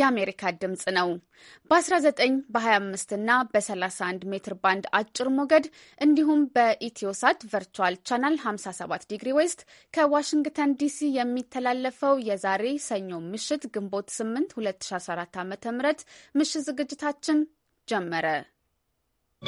የአሜሪካ ድምፅ ነው። በ19 በ25 እና በ31 ሜትር ባንድ አጭር ሞገድ እንዲሁም በኢትዮሳት ቨርቹዋል ቻናል 57 ዲግሪ ዌስት ከዋሽንግተን ዲሲ የሚተላለፈው የዛሬ ሰኞ ምሽት ግንቦት 8 2014 ዓ ም ምሽት ዝግጅታችን ጀመረ። ¶¶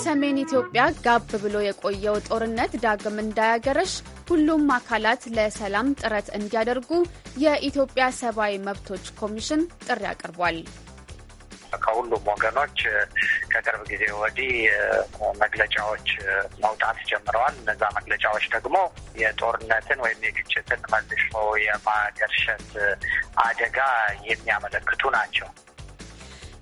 በሰሜን ኢትዮጵያ ጋብ ብሎ የቆየው ጦርነት ዳግም እንዳያገረሽ ሁሉም አካላት ለሰላም ጥረት እንዲያደርጉ የኢትዮጵያ ሰብአዊ መብቶች ኮሚሽን ጥሪ አቅርቧል። ከሁሉም ወገኖች ከቅርብ ጊዜ ወዲህ መግለጫዎች መውጣት ጀምረዋል። እነዛ መግለጫዎች ደግሞ የጦርነትን ወይም የግጭትን መልሶ የማገርሸት አደጋ የሚያመለክቱ ናቸው።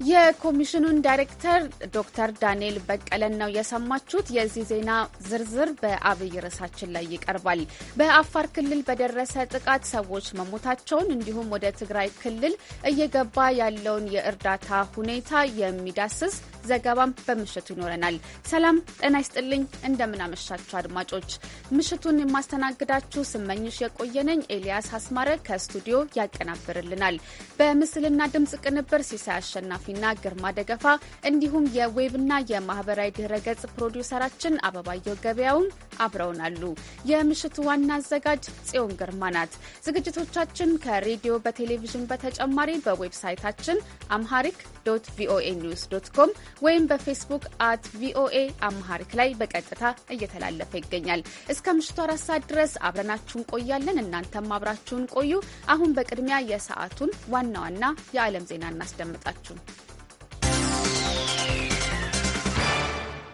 የኮሚሽኑን ዳይሬክተር ዶክተር ዳንኤል በቀለን ነው የሰማችሁት። የዚህ ዜና ዝርዝር በአብይ ርዕሳችን ላይ ይቀርባል። በአፋር ክልል በደረሰ ጥቃት ሰዎች መሞታቸውን እንዲሁም ወደ ትግራይ ክልል እየገባ ያለውን የእርዳታ ሁኔታ የሚዳስስ ዘገባም በምሽቱ ይኖረናል። ሰላም ጤና ይስጥልኝ፣ እንደምናመሻችሁ አድማጮች። ምሽቱን የማስተናግዳችሁ ስመኝሽ የቆየነኝ። ኤልያስ አስማረ ከስቱዲዮ ያቀናብርልናል። በምስልና ድምጽ ቅንብር ሲሳይ አሸናፊ ኃላፊና ግርማ ደገፋ እንዲሁም የዌብና የማህበራዊ ድረገጽ ፕሮዲውሰራችን አበባየው ገበያውም አብረውናሉ። የምሽቱ ዋና አዘጋጅ ጽዮን ግርማ ናት። ዝግጅቶቻችን ከሬዲዮ በቴሌቪዥን በተጨማሪ በዌብሳይታችን አምሃሪክ ዶት ቪኦኤ ኒውስ ዶት ኮም ወይም በፌስቡክ አት ቪኦኤ አምሃሪክ ላይ በቀጥታ እየተላለፈ ይገኛል። እስከ ምሽቱ አራት ሰዓት ድረስ አብረናችሁን ቆያለን። እናንተም አብራችሁን ቆዩ። አሁን በቅድሚያ የሰዓቱን ዋና ዋና የዓለም ዜና እናስደምጣችሁ።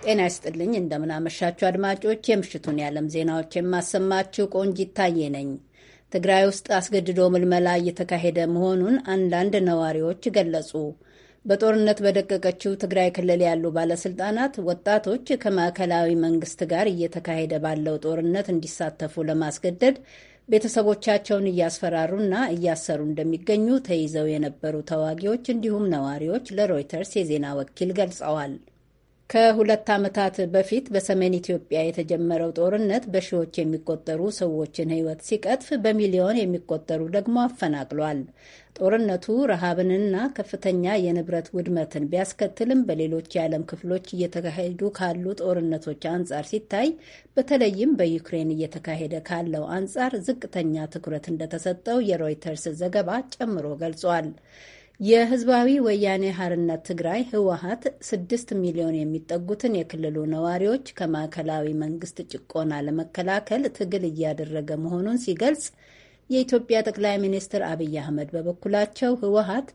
ጤና ይስጥልኝ እንደምናመሻችሁ አድማጮች፣ የምሽቱን የዓለም ዜናዎች የማሰማችሁ ቆንጂ ታዬ ነኝ። ትግራይ ውስጥ አስገድዶ ምልመላ እየተካሄደ መሆኑን አንዳንድ ነዋሪዎች ገለጹ። በጦርነት በደቀቀችው ትግራይ ክልል ያሉ ባለስልጣናት ወጣቶች ከማዕከላዊ መንግስት ጋር እየተካሄደ ባለው ጦርነት እንዲሳተፉ ለማስገደድ ቤተሰቦቻቸውን እያስፈራሩና እያሰሩ እንደሚገኙ ተይዘው የነበሩ ተዋጊዎች እንዲሁም ነዋሪዎች ለሮይተርስ የዜና ወኪል ገልጸዋል። ከሁለት ዓመታት በፊት በሰሜን ኢትዮጵያ የተጀመረው ጦርነት በሺዎች የሚቆጠሩ ሰዎችን ሕይወት ሲቀጥፍ በሚሊዮን የሚቆጠሩ ደግሞ አፈናቅሏል። ጦርነቱ ረሃብንና ከፍተኛ የንብረት ውድመትን ቢያስከትልም በሌሎች የዓለም ክፍሎች እየተካሄዱ ካሉ ጦርነቶች አንጻር ሲታይ በተለይም በዩክሬን እየተካሄደ ካለው አንጻር ዝቅተኛ ትኩረት እንደተሰጠው የሮይተርስ ዘገባ ጨምሮ ገልጿል። የህዝባዊ ወያኔ ሀርነት ትግራይ ህወሀት ስድስት ሚሊዮን የሚጠጉትን የክልሉ ነዋሪዎች ከማዕከላዊ መንግስት ጭቆና ለመከላከል ትግል እያደረገ መሆኑን ሲገልጽ የኢትዮጵያ ጠቅላይ ሚኒስትር አብይ አህመድ በበኩላቸው ህወሀት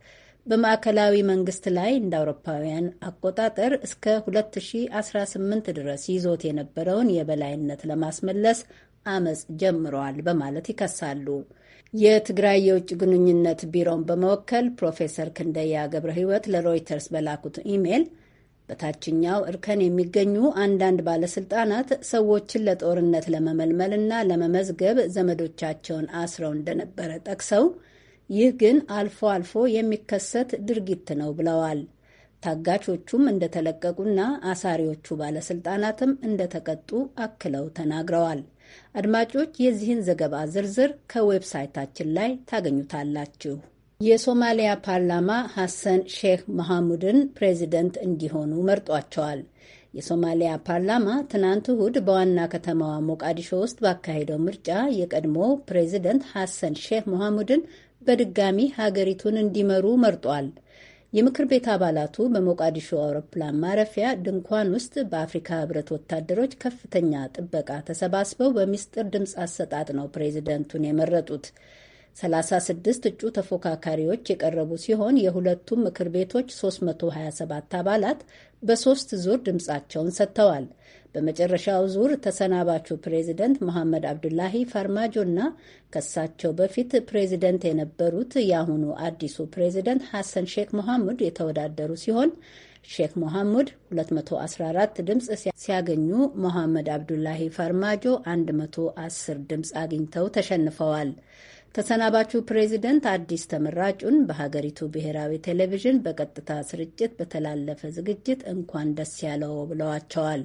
በማዕከላዊ መንግስት ላይ እንደ አውሮፓውያን አቆጣጠር እስከ 2018 ድረስ ይዞት የነበረውን የበላይነት ለማስመለስ አመፅ ጀምረዋል በማለት ይከሳሉ። የትግራይ የውጭ ግንኙነት ቢሮን በመወከል ፕሮፌሰር ክንደያ ገብረ ሕይወት ለሮይተርስ በላኩት ኢሜይል በታችኛው እርከን የሚገኙ አንዳንድ ባለስልጣናት ሰዎችን ለጦርነት ለመመልመልና ለመመዝገብ ዘመዶቻቸውን አስረው እንደነበረ ጠቅሰው ይህ ግን አልፎ አልፎ የሚከሰት ድርጊት ነው ብለዋል። ታጋቾቹም እንደተለቀቁና አሳሪዎቹ ባለስልጣናትም እንደተቀጡ አክለው ተናግረዋል። አድማጮች የዚህን ዘገባ ዝርዝር ከዌብሳይታችን ላይ ታገኙታላችሁ። የሶማሊያ ፓርላማ ሐሰን ሼክ መሐሙድን ፕሬዚደንት እንዲሆኑ መርጧቸዋል። የሶማሊያ ፓርላማ ትናንት እሁድ በዋና ከተማዋ ሞቃዲሾ ውስጥ ባካሄደው ምርጫ የቀድሞ ፕሬዚደንት ሐሰን ሼክ መሐሙድን በድጋሚ ሀገሪቱን እንዲመሩ መርጧል። የምክር ቤት አባላቱ በሞቃዲሾ አውሮፕላን ማረፊያ ድንኳን ውስጥ በአፍሪካ ህብረት ወታደሮች ከፍተኛ ጥበቃ ተሰባስበው በሚስጥር ድምፅ አሰጣጥ ነው ፕሬዚደንቱን የመረጡት። 36 እጩ ተፎካካሪዎች የቀረቡ ሲሆን የሁለቱም ምክር ቤቶች 327 አባላት በሶስት ዙር ድምፃቸውን ሰጥተዋል። በመጨረሻው ዙር ተሰናባቹ ፕሬዚደንት መሐመድ አብዱላሂ ፋርማጆና ከሳቸው በፊት ፕሬዚደንት የነበሩት የአሁኑ አዲሱ ፕሬዚደንት ሐሰን ሼክ መሐሙድ የተወዳደሩ ሲሆን ሼክ መሐሙድ 214 ድምፅ ሲያገኙ መሐመድ አብዱላሂ ፋርማጆ 110 ድምፅ አግኝተው ተሸንፈዋል። ተሰናባቹ ፕሬዚደንት አዲስ ተመራጩን በሀገሪቱ ብሔራዊ ቴሌቪዥን በቀጥታ ስርጭት በተላለፈ ዝግጅት እንኳን ደስ ያለው ብለዋቸዋል።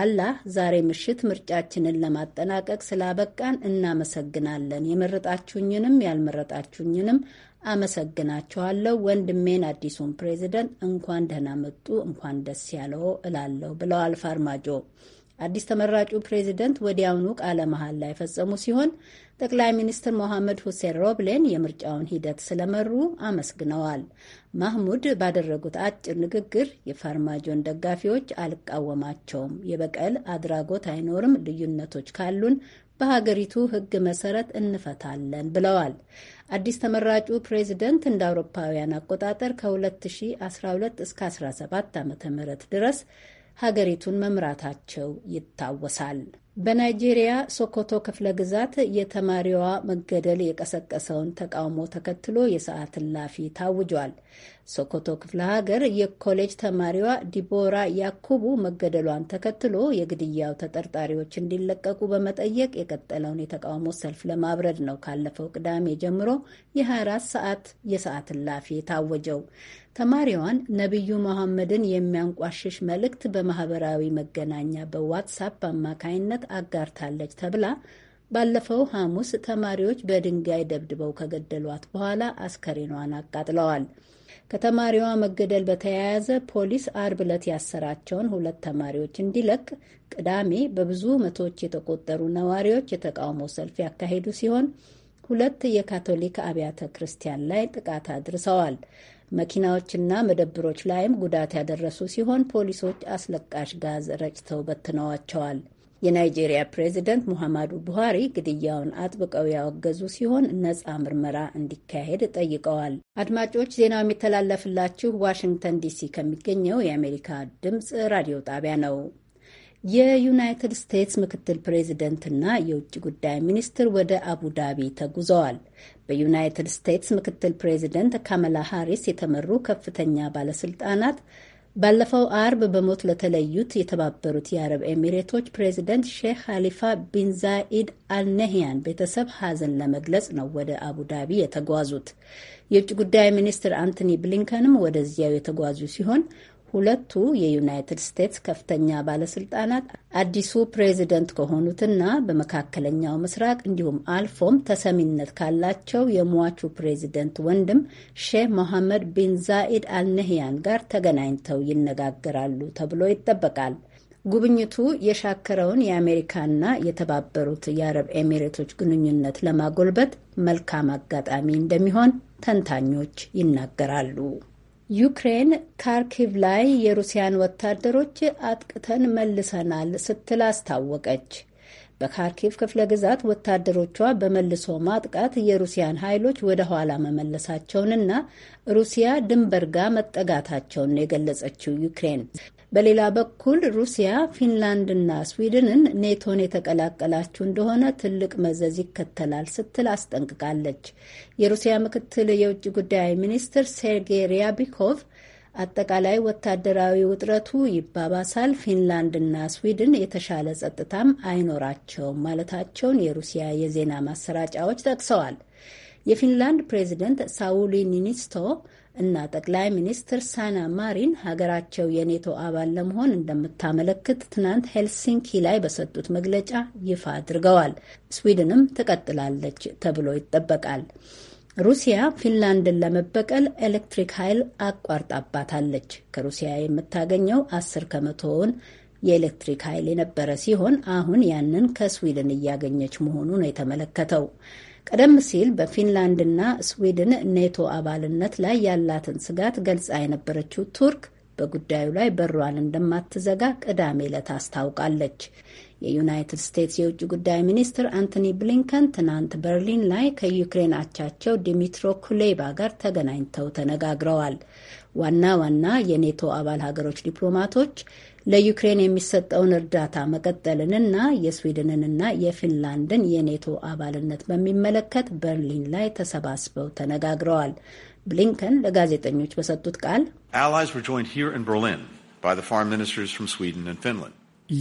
አላህ ዛሬ ምሽት ምርጫችንን ለማጠናቀቅ ስላበቃን እናመሰግናለን። የመረጣችሁኝንም ያልመረጣችሁኝንም አመሰግናችኋለሁ። ወንድሜን አዲሱን ፕሬዚደንት እንኳን ደህና መጡ፣ እንኳን ደስ ያለው እላለሁ ብለዋል ፋርማጆ። አዲስ ተመራጩ ፕሬዚደንት ወዲያውኑ ቃለ ላይ የፈጸሙ ሲሆን ጠቅላይ ሚኒስትር ሞሐመድ ሁሴን ሮብሌን የምርጫውን ሂደት ስለመሩ አመስግነዋል። ማህሙድ ባደረጉት አጭር ንግግር የፋርማጆን ደጋፊዎች አልቃወማቸውም፣ የበቀል አድራጎት አይኖርም፣ ልዩነቶች ካሉን በሀገሪቱ ሕግ መሰረት እንፈታለን ብለዋል። አዲስ ተመራጩ ፕሬዚደንት እንደ አውሮፓውያን አቆጣጠር ከ2012 እስከ 17 ዓ ም ድረስ ሀገሪቱን መምራታቸው ይታወሳል። በናይጄሪያ ሶኮቶ ክፍለ ግዛት የተማሪዋ መገደል የቀሰቀሰውን ተቃውሞ ተከትሎ የሰዓት እላፊ ታውጇል። ሶኮቶ ክፍለ ሀገር የኮሌጅ ተማሪዋ ዲቦራ ያኩቡ መገደሏን ተከትሎ የግድያው ተጠርጣሪዎች እንዲለቀቁ በመጠየቅ የቀጠለውን የተቃውሞ ሰልፍ ለማብረድ ነው ካለፈው ቅዳሜ ጀምሮ የ24 ሰዓት የሰዓት እላፊ የታወጀው። ተማሪዋን ነቢዩ መሐመድን የሚያንቋሽሽ መልእክት በማህበራዊ መገናኛ በዋትሳፕ አማካይነት አጋርታለች ተብላ ባለፈው ሐሙስ ተማሪዎች በድንጋይ ደብድበው ከገደሏት በኋላ አስከሬኗን አቃጥለዋል። ከተማሪዋ መገደል በተያያዘ ፖሊስ አርብ ዕለት ያሰራቸውን ሁለት ተማሪዎች እንዲለቅ ቅዳሜ በብዙ መቶዎች የተቆጠሩ ነዋሪዎች የተቃውሞ ሰልፍ ያካሄዱ ሲሆን ሁለት የካቶሊክ አብያተ ክርስቲያን ላይ ጥቃት አድርሰዋል። መኪናዎችና መደብሮች ላይም ጉዳት ያደረሱ ሲሆን ፖሊሶች አስለቃሽ ጋዝ ረጭተው በትነዋቸዋል። የናይጄሪያ ፕሬዚደንት ሙሐማዱ ቡሃሪ ግድያውን አጥብቀው ያወገዙ ሲሆን ነፃ ምርመራ እንዲካሄድ ጠይቀዋል። አድማጮች ዜናው የሚተላለፍላችሁ ዋሽንግተን ዲሲ ከሚገኘው የአሜሪካ ድምፅ ራዲዮ ጣቢያ ነው። የዩናይትድ ስቴትስ ምክትል ፕሬዚደንትና የውጭ ጉዳይ ሚኒስትር ወደ አቡዳቢ ተጉዘዋል። በዩናይትድ ስቴትስ ምክትል ፕሬዚደንት ካመላ ሃሪስ የተመሩ ከፍተኛ ባለስልጣናት ባለፈው አርብ በሞት ለተለዩት የተባበሩት የአረብ ኤሚሬቶች ፕሬዚደንት ሼህ ሀሊፋ ቢን ዛኢድ አልነህያን ቤተሰብ ሀዘን ለመግለጽ ነው ወደ አቡዳቢ የተጓዙት። የውጭ ጉዳይ ሚኒስትር አንቶኒ ብሊንከንም ወደዚያው የተጓዙ ሲሆን ሁለቱ የዩናይትድ ስቴትስ ከፍተኛ ባለስልጣናት አዲሱ ፕሬዚደንት ከሆኑትና በመካከለኛው ምስራቅ እንዲሁም አልፎም ተሰሚነት ካላቸው የሟቹ ፕሬዚደንት ወንድም ሼህ ሞሐመድ ቢን ዛኢድ አልነህያን ጋር ተገናኝተው ይነጋገራሉ ተብሎ ይጠበቃል። ጉብኝቱ የሻከረውን የአሜሪካና የተባበሩት የአረብ ኤሚሬቶች ግንኙነት ለማጎልበት መልካም አጋጣሚ እንደሚሆን ተንታኞች ይናገራሉ። ዩክሬን ካርኪቭ ላይ የሩሲያን ወታደሮች አጥቅተን መልሰናል ስትል አስታወቀች። በካርኪቭ ክፍለ ግዛት ወታደሮቿ በመልሶ ማጥቃት የሩሲያን ኃይሎች ወደ ኋላ መመለሳቸውንና ሩሲያ ድንበር ጋር መጠጋታቸውን የገለጸችው ዩክሬን በሌላ በኩል ሩሲያ ፊንላንድና ስዊድንን ኔቶን የተቀላቀላችሁ እንደሆነ ትልቅ መዘዝ ይከተላል ስትል አስጠንቅቃለች። የሩሲያ ምክትል የውጭ ጉዳይ ሚኒስትር ሴርጌይ ሪያቢኮቭ አጠቃላይ ወታደራዊ ውጥረቱ ይባባሳል፣ ፊንላንድና ስዊድን የተሻለ ጸጥታም አይኖራቸውም ማለታቸውን የሩሲያ የዜና ማሰራጫዎች ጠቅሰዋል። የፊንላንድ ፕሬዚደንት ሳውሊ ኒኒስቶ እና ጠቅላይ ሚኒስትር ሳና ማሪን ሀገራቸው የኔቶ አባል ለመሆን እንደምታመለክት ትናንት ሄልሲንኪ ላይ በሰጡት መግለጫ ይፋ አድርገዋል። ስዊድንም ትቀጥላለች ተብሎ ይጠበቃል። ሩሲያ ፊንላንድን ለመበቀል ኤሌክትሪክ ኃይል አቋርጣባታለች። ከሩሲያ የምታገኘው አስር ከመቶውን የኤሌክትሪክ ኃይል የነበረ ሲሆን አሁን ያንን ከስዊድን እያገኘች መሆኑ ነው የተመለከተው። ቀደም ሲል በፊንላንድና ስዊድን ኔቶ አባልነት ላይ ያላትን ስጋት ገልጻ የነበረችው ቱርክ በጉዳዩ ላይ በሯን እንደማትዘጋ ቅዳሜ ዕለት አስታውቃለች። የዩናይትድ ስቴትስ የውጭ ጉዳይ ሚኒስትር አንቶኒ ብሊንከን ትናንት በርሊን ላይ ከዩክሬን አቻቸው ዲሚትሮ ኩሌባ ጋር ተገናኝተው ተነጋግረዋል። ዋና ዋና የኔቶ አባል ሀገሮች ዲፕሎማቶች ለዩክሬን የሚሰጠውን እርዳታ መቀጠልንና የስዊድንንና የፊንላንድን የኔቶ አባልነት በሚመለከት በርሊን ላይ ተሰባስበው ተነጋግረዋል። ብሊንከን ለጋዜጠኞች በሰጡት ቃል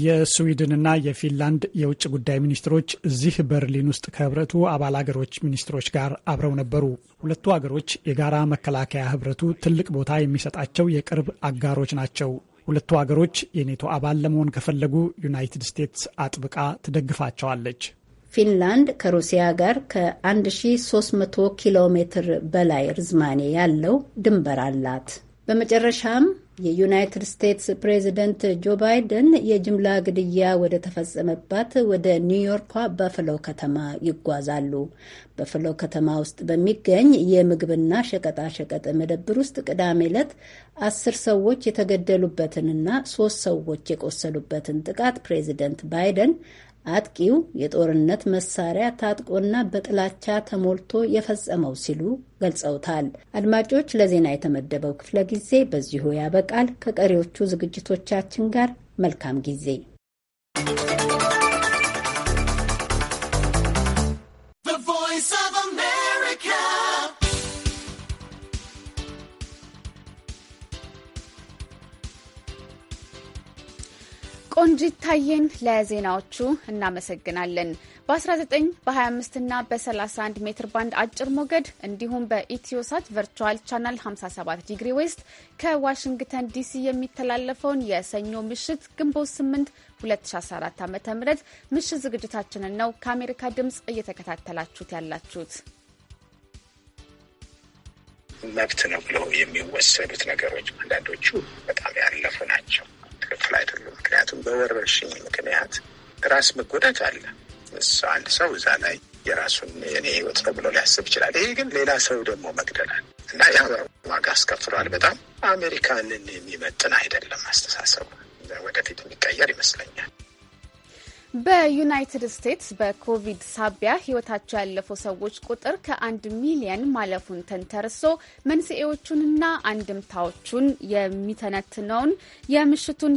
የስዊድንና የፊንላንድ የውጭ ጉዳይ ሚኒስትሮች እዚህ በርሊን ውስጥ ከህብረቱ አባል አገሮች ሚኒስትሮች ጋር አብረው ነበሩ። ሁለቱ አገሮች የጋራ መከላከያ ህብረቱ ትልቅ ቦታ የሚሰጣቸው የቅርብ አጋሮች ናቸው። ሁለቱ ሀገሮች የኔቶ አባል ለመሆን ከፈለጉ ዩናይትድ ስቴትስ አጥብቃ ትደግፋቸዋለች። ፊንላንድ ከሩሲያ ጋር ከ1300 ኪሎ ሜትር በላይ ርዝማኔ ያለው ድንበር አላት። በመጨረሻም የዩናይትድ ስቴትስ ፕሬዚደንት ጆ ባይደን የጅምላ ግድያ ወደ ተፈጸመባት ወደ ኒውዮርኳ በፍለው ከተማ ይጓዛሉ። በፍለው ከተማ ውስጥ በሚገኝ የምግብና ሸቀጣሸቀጥ መደብር ውስጥ ቅዳሜ ዕለት አስር ሰዎች የተገደሉበትንና ሶስት ሰዎች የቆሰሉበትን ጥቃት ፕሬዚደንት ባይደን አጥቂው የጦርነት መሳሪያ ታጥቆና በጥላቻ ተሞልቶ የፈጸመው ሲሉ ገልጸውታል። አድማጮች፣ ለዜና የተመደበው ክፍለ ጊዜ በዚሁ ያበቃል። ከቀሪዎቹ ዝግጅቶቻችን ጋር መልካም ጊዜ ቆንጂት ታየን ለዜናዎቹ እናመሰግናለን። በ19 በ25 እና በ31 ሜትር ባንድ አጭር ሞገድ እንዲሁም በኢትዮሳት ቨርቹዋል ቻናል 57 ዲግሪ ዌስት ከዋሽንግተን ዲሲ የሚተላለፈውን የሰኞ ምሽት ግንቦት 8 2014 ዓ ም ምሽት ዝግጅታችንን ነው ከአሜሪካ ድምፅ እየተከታተላችሁት ያላችሁት። መብት ነው ብለው የሚወሰዱት ነገሮች አንዳንዶቹ በጣም ያለፉ ናቸው። ትክክል አይደሉም። ምክንያቱም በወረርሽኝ ምክንያት ራስ መጎዳት አለ። አንድ ሰው እዛ ላይ የራሱን የኔ ህይወት ነው ብሎ ሊያስብ ይችላል። ይሄ ግን ሌላ ሰው ደግሞ መግደላል እና ያ ዋጋ አስከፍሏል። በጣም አሜሪካንን የሚመጥን አይደለም አስተሳሰቡ። ወደፊት የሚቀየር ይመስለኛል። በዩናይትድ ስቴትስ በኮቪድ ሳቢያ ህይወታቸው ያለፈው ሰዎች ቁጥር ከአንድ ሚሊየን ማለፉን ተንተርሶ መንስኤዎቹንና አንድምታዎቹን የሚተነትነውን የምሽቱን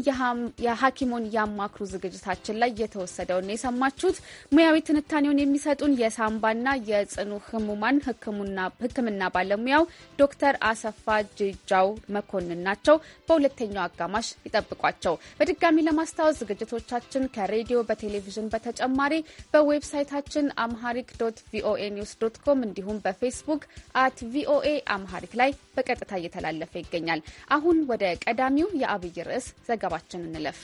የሐኪሙን ያማክሩ ዝግጅታችን ላይ የተወሰደውን ነው የሰማችሁት። ሙያዊ ትንታኔውን የሚሰጡን የሳምባና የጽኑ ህሙማን ህክምና ባለሙያው ዶክተር አሰፋ ጅጃው መኮንን ናቸው። በሁለተኛው አጋማሽ ይጠብቋቸው። በድጋሚ ለማስታወስ ዝግጅቶቻችን ከሬዲዮ በ ቴሌቪዥን በተጨማሪ በዌብሳይታችን አምሃሪክ ዶት ቪኦኤ ኒውስ ዶት ኮም እንዲሁም በፌስቡክ አት ቪኦኤ አምሃሪክ ላይ በቀጥታ እየተላለፈ ይገኛል። አሁን ወደ ቀዳሚው የአብይ ርዕስ ዘገባችን እንለፍ።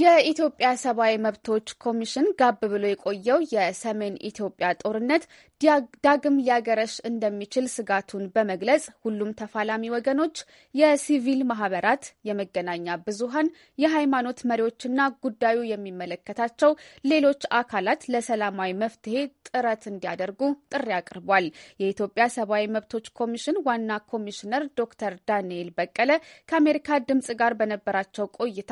የኢትዮጵያ ሰብአዊ መብቶች ኮሚሽን ጋብ ብሎ የቆየው የሰሜን ኢትዮጵያ ጦርነት ዳግም ሊያገረሽ እንደሚችል ስጋቱን በመግለጽ ሁሉም ተፋላሚ ወገኖች፣ የሲቪል ማህበራት፣ የመገናኛ ብዙሃን፣ የሃይማኖት መሪዎችና ጉዳዩ የሚመለከታቸው ሌሎች አካላት ለሰላማዊ መፍትሄ ጥረት እንዲያደርጉ ጥሪ አቅርቧል። የኢትዮጵያ ሰብአዊ መብቶች ኮሚሽን ዋና ኮሚሽነር ዶክተር ዳንኤል በቀለ ከአሜሪካ ድምጽ ጋር በነበራቸው ቆይታ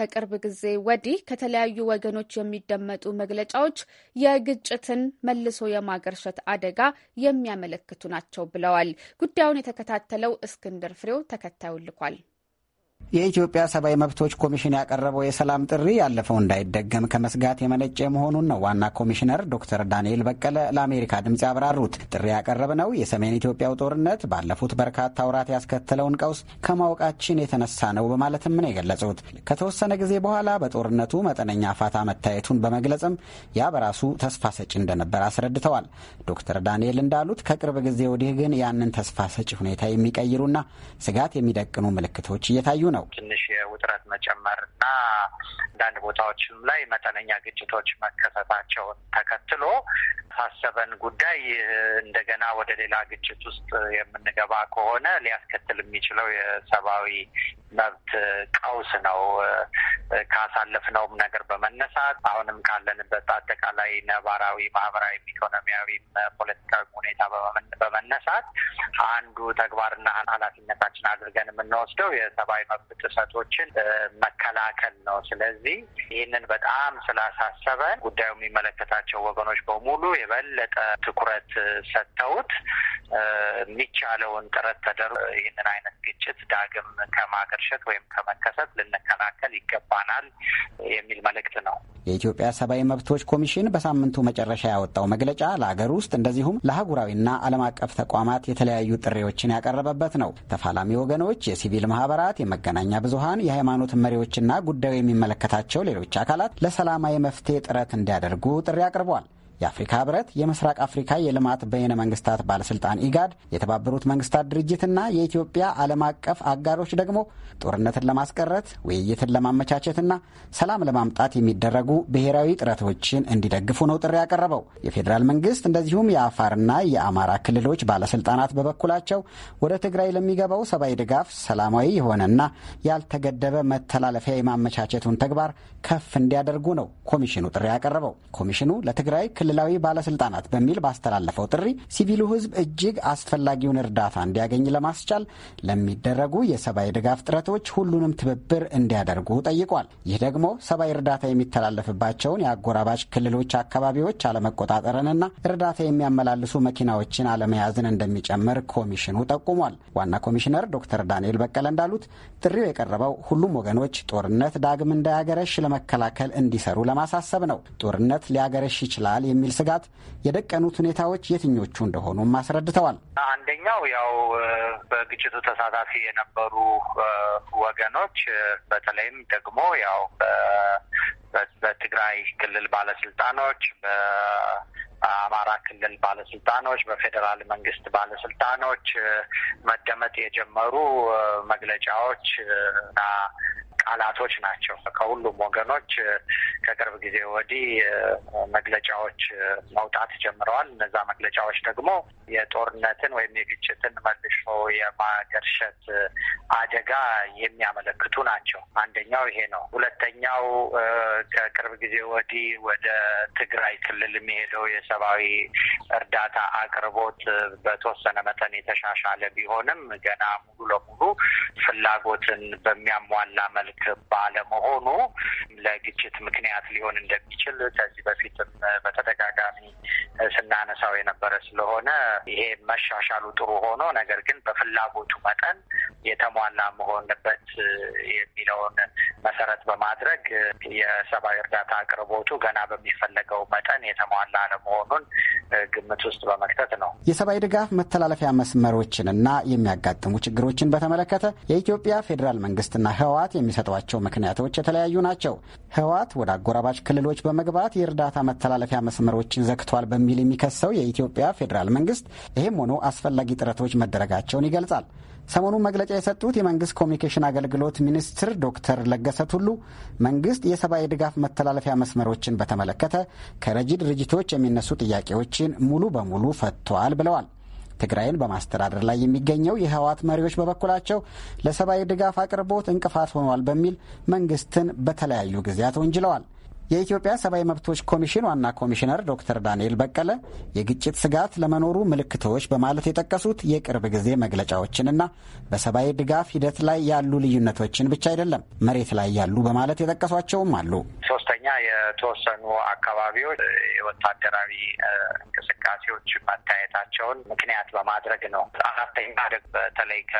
ከቅርብ ጊዜ ወዲህ ከተለያዩ ወገኖች የሚደመጡ መግለጫዎች የግጭትን መልሶ የማገርሸ የሚከሰት አደጋ የሚያመለክቱ ናቸው ብለዋል። ጉዳዩን የተከታተለው እስክንድር ፍሬው ተከታዩን ልኳል። የኢትዮጵያ ሰብአዊ መብቶች ኮሚሽን ያቀረበው የሰላም ጥሪ ያለፈው እንዳይደገም ከመስጋት የመነጨ መሆኑን ነው ዋና ኮሚሽነር ዶክተር ዳንኤል በቀለ ለአሜሪካ ድምፅ ያብራሩት። ጥሪ ያቀረብ ነው የሰሜን ኢትዮጵያው ጦርነት ባለፉት በርካታ ወራት ያስከተለውን ቀውስ ከማወቃችን የተነሳ ነው በማለትም ነው የገለጹት። ከተወሰነ ጊዜ በኋላ በጦርነቱ መጠነኛ ፋታ መታየቱን በመግለጽም ያ በራሱ ተስፋ ሰጪ እንደነበር አስረድተዋል። ዶክተር ዳንኤል እንዳሉት ከቅርብ ጊዜ ወዲህ ግን ያንን ተስፋ ሰጪ ሁኔታ የሚቀይሩና ስጋት የሚደቅኑ ምልክቶች እየታዩ ነው። ነው። ትንሽ የውጥረት መጨመር እና አንዳንድ ቦታዎችም ላይ መጠነኛ ግጭቶች መከሰታቸውን ተከትሎ ታሰበን ጉዳይ እንደገና ወደ ሌላ ግጭት ውስጥ የምንገባ ከሆነ ሊያስከትል የሚችለው የሰብአዊ መብት ቀውስ ነው። ካሳለፍነውም ነገር በመነሳት አሁንም ካለንበት አጠቃላይ ነባራዊ ማህበራዊም፣ ኢኮኖሚያዊም ፖለቲካዊ ሁኔታ በመነሳት አንዱ ተግባርና ኃላፊነታችን አድርገን የምንወስደው የሰብአዊ መብት ጥሰቶችን መከላከል ነው። ስለዚህ ይህንን በጣም ስላሳሰበን ጉዳዩ የሚመለከታቸው ወገኖች በሙሉ የበለጠ ትኩረት ሰጥተውት የሚቻለውን ጥረት ተደር ይህንን አይነት ግጭት ዳግም ከማገርሸት ወይም ከመከሰት ልንከላከል ይገባናል የሚል መልእክት ነው። የኢትዮጵያ ሰብአዊ መብቶች ኮሚሽን በሳምንቱ መጨረሻ ያወጣው መግለጫ ለሀገር ውስጥ እንደዚሁም ለአህጉራዊና ዓለም አቀፍ ተቋማት የተለያዩ ጥሪዎችን ያቀረበበት ነው። ተፋላሚ ወገኖች፣ የሲቪል ማህበራት፣ የመገ መገናኛ ብዙሀን የሃይማኖት መሪዎችና ጉዳዩ የሚመለከታቸው ሌሎች አካላት ለሰላማዊ መፍትሄ ጥረት እንዲያደርጉ ጥሪ አቅርቧል። የአፍሪካ ህብረት፣ የምስራቅ አፍሪካ የልማት በይነ መንግስታት ባለስልጣን ኢጋድ፣ የተባበሩት መንግስታት ድርጅትና የኢትዮጵያ ዓለም አቀፍ አጋሮች ደግሞ ጦርነትን ለማስቀረት ውይይትን ለማመቻቸትና ሰላም ለማምጣት የሚደረጉ ብሔራዊ ጥረቶችን እንዲደግፉ ነው ጥሪ ያቀረበው። የፌዴራል መንግስት እንደዚሁም የአፋርና የአማራ ክልሎች ባለስልጣናት በበኩላቸው ወደ ትግራይ ለሚገባው ሰብአዊ ድጋፍ ሰላማዊ የሆነና ያልተገደበ መተላለፊያ የማመቻቸቱን ተግባር ከፍ እንዲያደርጉ ነው ኮሚሽኑ ጥሪ ያቀረበው። ኮሚሽኑ ለትግራይ ክልል ክልላዊ ባለስልጣናት በሚል ባስተላለፈው ጥሪ ሲቪሉ ህዝብ እጅግ አስፈላጊውን እርዳታ እንዲያገኝ ለማስቻል ለሚደረጉ የሰብአዊ ድጋፍ ጥረቶች ሁሉንም ትብብር እንዲያደርጉ ጠይቋል። ይህ ደግሞ ሰብአዊ እርዳታ የሚተላለፍባቸውን የአጎራባች ክልሎች አካባቢዎች አለመቆጣጠርንና እርዳታ የሚያመላልሱ መኪናዎችን አለመያዝን እንደሚጨምር ኮሚሽኑ ጠቁሟል። ዋና ኮሚሽነር ዶክተር ዳንኤል በቀለ እንዳሉት ጥሪው የቀረበው ሁሉም ወገኖች ጦርነት ዳግም እንዳያገረሽ ለመከላከል እንዲሰሩ ለማሳሰብ ነው። ጦርነት ሊያገረሽ ይችላል የሚል ስጋት የደቀኑት ሁኔታዎች የትኞቹ እንደሆኑም አስረድተዋል። አንደኛው ያው በግጭቱ ተሳታፊ የነበሩ ወገኖች በተለይም ደግሞ ያው በትግራይ ክልል ባለስልጣኖች በአማራ ክልል ባለስልጣኖች፣ በፌዴራል መንግስት ባለስልጣኖች መደመጥ የጀመሩ መግለጫዎች እና ቃላቶች ናቸው። ከሁሉም ወገኖች ከቅርብ ጊዜ ወዲህ መግለጫዎች መውጣት ጀምረዋል። እነዛ መግለጫዎች ደግሞ የጦርነትን ወይም የግጭትን መልሶ የማገርሸት አደጋ የሚያመለክቱ ናቸው። አንደኛው ይሄ ነው። ሁለተኛው ከቅርብ ጊዜ ወዲህ ወደ ትግራይ ክልል የሚሄደው የሰብአዊ እርዳታ አቅርቦት በተወሰነ መጠን የተሻሻለ ቢሆንም ገና ሙሉ ለሙሉ ፍላጎትን በሚያሟላ መልክ መልክ ባለመሆኑ ለግጭት ምክንያት ሊሆን እንደሚችል ከዚህ በፊትም በተደጋጋሚ ስናነሳው የነበረ ስለሆነ ይሄ መሻሻሉ ጥሩ ሆኖ ነገር ግን በፍላጎቱ መጠን የተሟላ መሆንበት የሚለውን መሰረት በማድረግ የሰብአዊ እርዳታ አቅርቦቱ ገና በሚፈለገው መጠን የተሟላ አለመሆኑን ግምት ውስጥ በመክተት ነው። የሰብአዊ ድጋፍ መተላለፊያ መስመሮችንና የሚያጋጥሙ ችግሮችን በተመለከተ የኢትዮጵያ ፌዴራል መንግስትና ህወሓት የሚሰ የሚሰጧቸው ምክንያቶች የተለያዩ ናቸው። ህወሓት ወደ አጎራባች ክልሎች በመግባት የእርዳታ መተላለፊያ መስመሮችን ዘግቷል በሚል የሚከሰው የኢትዮጵያ ፌዴራል መንግስት ይህም ሆኖ አስፈላጊ ጥረቶች መደረጋቸውን ይገልጻል። ሰሞኑን መግለጫ የሰጡት የመንግስት ኮሚኒኬሽን አገልግሎት ሚኒስትር ዶክተር ለገሰ ቱሉ መንግስት የሰብአዊ ድጋፍ መተላለፊያ መስመሮችን በተመለከተ ከረጂ ድርጅቶች የሚነሱ ጥያቄዎችን ሙሉ በሙሉ ፈቷል ብለዋል። ትግራይን በማስተዳደር ላይ የሚገኘው የህወሓት መሪዎች በበኩላቸው ለሰብአዊ ድጋፍ አቅርቦት እንቅፋት ሆኗል በሚል መንግስትን በተለያዩ ጊዜያት ወንጅለዋል። የኢትዮጵያ ሰብአዊ መብቶች ኮሚሽን ዋና ኮሚሽነር ዶክተር ዳንኤል በቀለ የግጭት ስጋት ለመኖሩ ምልክቶች በማለት የጠቀሱት የቅርብ ጊዜ መግለጫዎችንና በሰብአዊ ድጋፍ ሂደት ላይ ያሉ ልዩነቶችን ብቻ አይደለም መሬት ላይ ያሉ በማለት የጠቀሷቸውም አሉ። ሶስት የተወሰኑ አካባቢዎች የወታደራዊ እንቅስቃሴዎች መታየታቸውን ምክንያት በማድረግ ነው። አራተኛ በተለይ ከ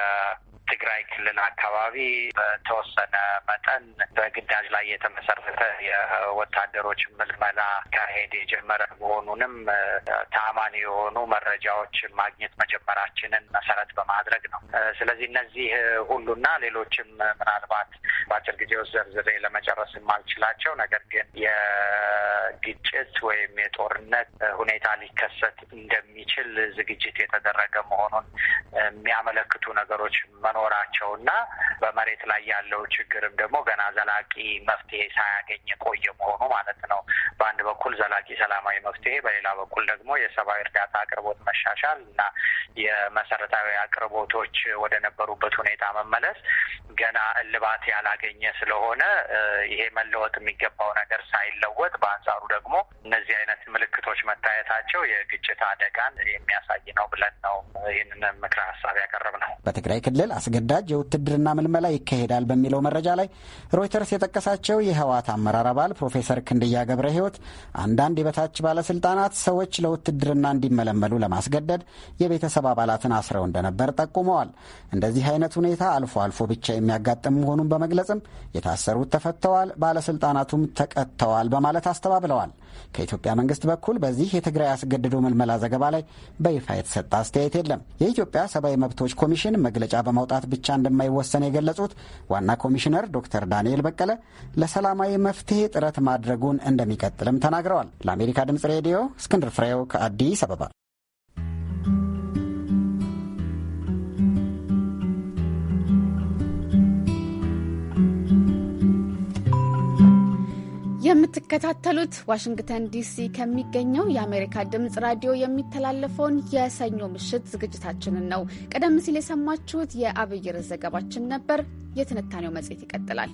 ትግራይ ክልል አካባቢ በተወሰነ መጠን በግዳጅ ላይ የተመሰረተ የወታደሮች ምልመላ ካሄድ የጀመረ መሆኑንም ተአማኒ የሆኑ መረጃዎች ማግኘት መጀመራችንን መሰረት በማድረግ ነው። ስለዚህ እነዚህ ሁሉና ሌሎችም ምናልባት በአጭር ጊዜ ውስጥ ዘርዝሬ ለመጨረስ የማልችላቸው ነገር ግን የግጭት ወይም የጦርነት ሁኔታ ሊከሰት እንደሚችል ዝግጅት የተደረገ መሆኑን የሚያመለክቱ ነገሮች መኖር መኖራቸው እና በመሬት ላይ ያለው ችግርም ደግሞ ገና ዘላቂ መፍትሄ ሳያገኝ የቆየ መሆኑ ማለት ነው። በአንድ በኩል ዘላቂ ሰላማዊ መፍትሄ፣ በሌላ በኩል ደግሞ የሰብአዊ እርዳታ አቅርቦት መሻሻል እና የመሰረታዊ አቅርቦቶች ወደ ነበሩበት ሁኔታ መመለስ ገና እልባት ያላገኘ ስለሆነ ይሄ መለወጥ የሚገባው ነገር ሳይለወጥ በአንጻሩ ደግሞ እነዚህ አይነት ምልክቶች መታየታቸው የግጭት አደጋን የሚያሳይ ነው ብለን ነው ይህንን ምክረ ሀሳብ ያቀረብ ነው። በትግራይ ክልል አስገዳጅ የውትድርና ምልመላ ይካሄዳል በሚለው መረጃ ላይ ሮይተርስ የጠቀሳቸው የህወሓት አመራር አባል ፕሮፌሰር ክንድያ ገብረ ህይወት አንዳንድ የበታች ባለስልጣናት ሰዎች ለውትድርና እንዲመለመሉ ለማስገደድ የቤተሰብ አባላትን አስረው እንደነበር ጠቁመዋል። እንደዚህ አይነት ሁኔታ አልፎ አልፎ ብቻ የሚያጋጥም መሆኑን በመግለጽም የታሰሩት ተፈተዋል፣ ባለስልጣናቱም ተቀጥተዋል በማለት አስተባብለዋል። ከኢትዮጵያ መንግስት በኩል በዚህ የትግራይ አስገድዶ ምልመላ ዘገባ ላይ በይፋ የተሰጠ አስተያየት የለም። የኢትዮጵያ ሰብአዊ መብቶች ኮሚሽን መግለጫ በማውጣት ብቻ እንደማይወሰን የገለጹት ዋና ኮሚሽነር ዶክተር ዳንኤል በቀለ ለሰላማዊ መፍትሄ ጥረት ማድረጉን እንደሚቀጥልም ተናግረዋል። ለአሜሪካ ድምጽ ሬዲዮ እስክንድር ፍሬው ከአዲስ አበባ የምትከታተሉት ዋሽንግተን ዲሲ ከሚገኘው የአሜሪካ ድምፅ ራዲዮ የሚተላለፈውን የሰኞ ምሽት ዝግጅታችንን ነው። ቀደም ሲል የሰማችሁት የአብይር ዘገባችን ነበር። የትንታኔው መጽሔት ይቀጥላል።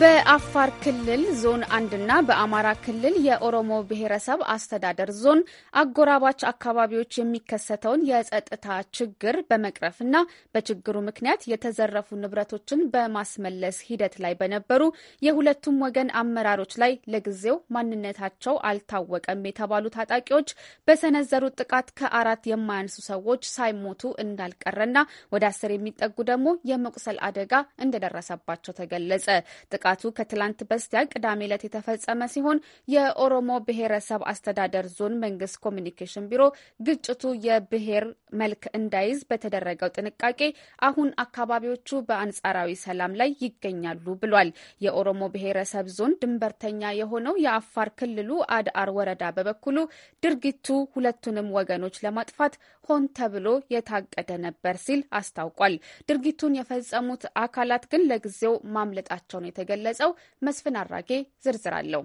በአፋር ክልል ዞን አንድና በአማራ ክልል የኦሮሞ ብሔረሰብ አስተዳደር ዞን አጎራባች አካባቢዎች የሚከሰተውን የጸጥታ ችግር በመቅረፍና በችግሩ ምክንያት የተዘረፉ ንብረቶችን በማስመለስ ሂደት ላይ በነበሩ የሁለቱም ወገን አመራሮች ላይ ለጊዜው ማንነታቸው አልታወቀም የተባሉ ታጣቂዎች በሰነዘሩት ጥቃት ከአራት የማያንሱ ሰዎች ሳይሞቱ እንዳልቀረና ወደ አስር የሚጠጉ ደግሞ የመቁሰል አደጋ እንደደረሰባቸው ተገለጸ። ጥቃቱ ከትላንት በስቲያ ቅዳሜ ዕለት የተፈጸመ ሲሆን የኦሮሞ ብሔረሰብ አስተዳደር ዞን መንግስት ኮሚኒኬሽን ቢሮ ግጭቱ የብሔር መልክ እንዳይዝ በተደረገው ጥንቃቄ አሁን አካባቢዎቹ በአንጻራዊ ሰላም ላይ ይገኛሉ ብሏል። የኦሮሞ ብሔረሰብ ዞን ድንበርተኛ የሆነው የአፋር ክልሉ አድአር ወረዳ በበኩሉ ድርጊቱ ሁለቱንም ወገኖች ለማጥፋት ሆን ተብሎ የታቀደ ነበር ሲል አስታውቋል። ድርጊቱን የፈጸሙት አካላት ግን ለጊዜው ማምለጣቸውን የተገለጸው መስፍን አራጌ ዝርዝር አለው።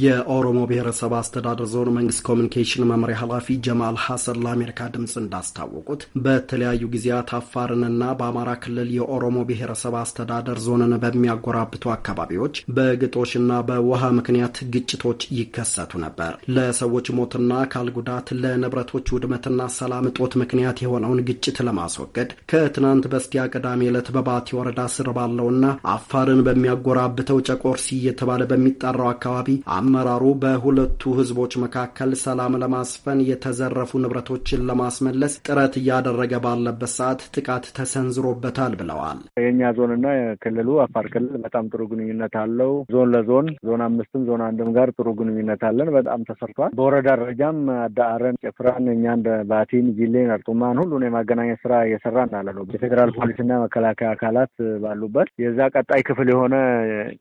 የኦሮሞ ብሔረሰብ አስተዳደር ዞን መንግስት ኮሚኒኬሽን መምሪያ ኃላፊ ጀማል ሐሰን ለአሜሪካ ድምፅ እንዳስታወቁት በተለያዩ ጊዜያት አፋርንና በአማራ ክልል የኦሮሞ ብሔረሰብ አስተዳደር ዞንን በሚያጎራብቱ አካባቢዎች በግጦሽና በውሃ ምክንያት ግጭቶች ይከሰቱ ነበር። ለሰዎች ሞትና አካል ጉዳት ለንብረቶች ውድመትና ሰላም እጦት ምክንያት የሆነውን ግጭት ለማስወገድ ከትናንት በስቲያ ቅዳሜ ዕለት በባቲ ወረዳ ስር ባለውና አፋርን በሚያጎራብተው ጨቆርሲ እየተባለ በሚጠራው አካባቢ አመራሩ በሁለቱ ህዝቦች መካከል ሰላም ለማስፈን የተዘረፉ ንብረቶችን ለማስመለስ ጥረት እያደረገ ባለበት ሰዓት ጥቃት ተሰንዝሮበታል ብለዋል። የእኛ ዞንና ክልሉ አፋር ክልል በጣም ጥሩ ግንኙነት አለው። ዞን ለዞን ዞን አምስትም ዞን አንድም ጋር ጥሩ ግንኙነት አለን። በጣም ተሰርቷል። በወረዳ ደረጃም አዳአረን፣ ጭፍራን፣ እኛን ባቲን፣ ጊሌን፣ አርጡማን ሁሉን የማገናኘት ስራ እየሰራ እንዳለ ነው። የፌዴራል ፖሊስና መከላከያ አካላት ባሉበት የዛ ቀጣይ ክፍል የሆነ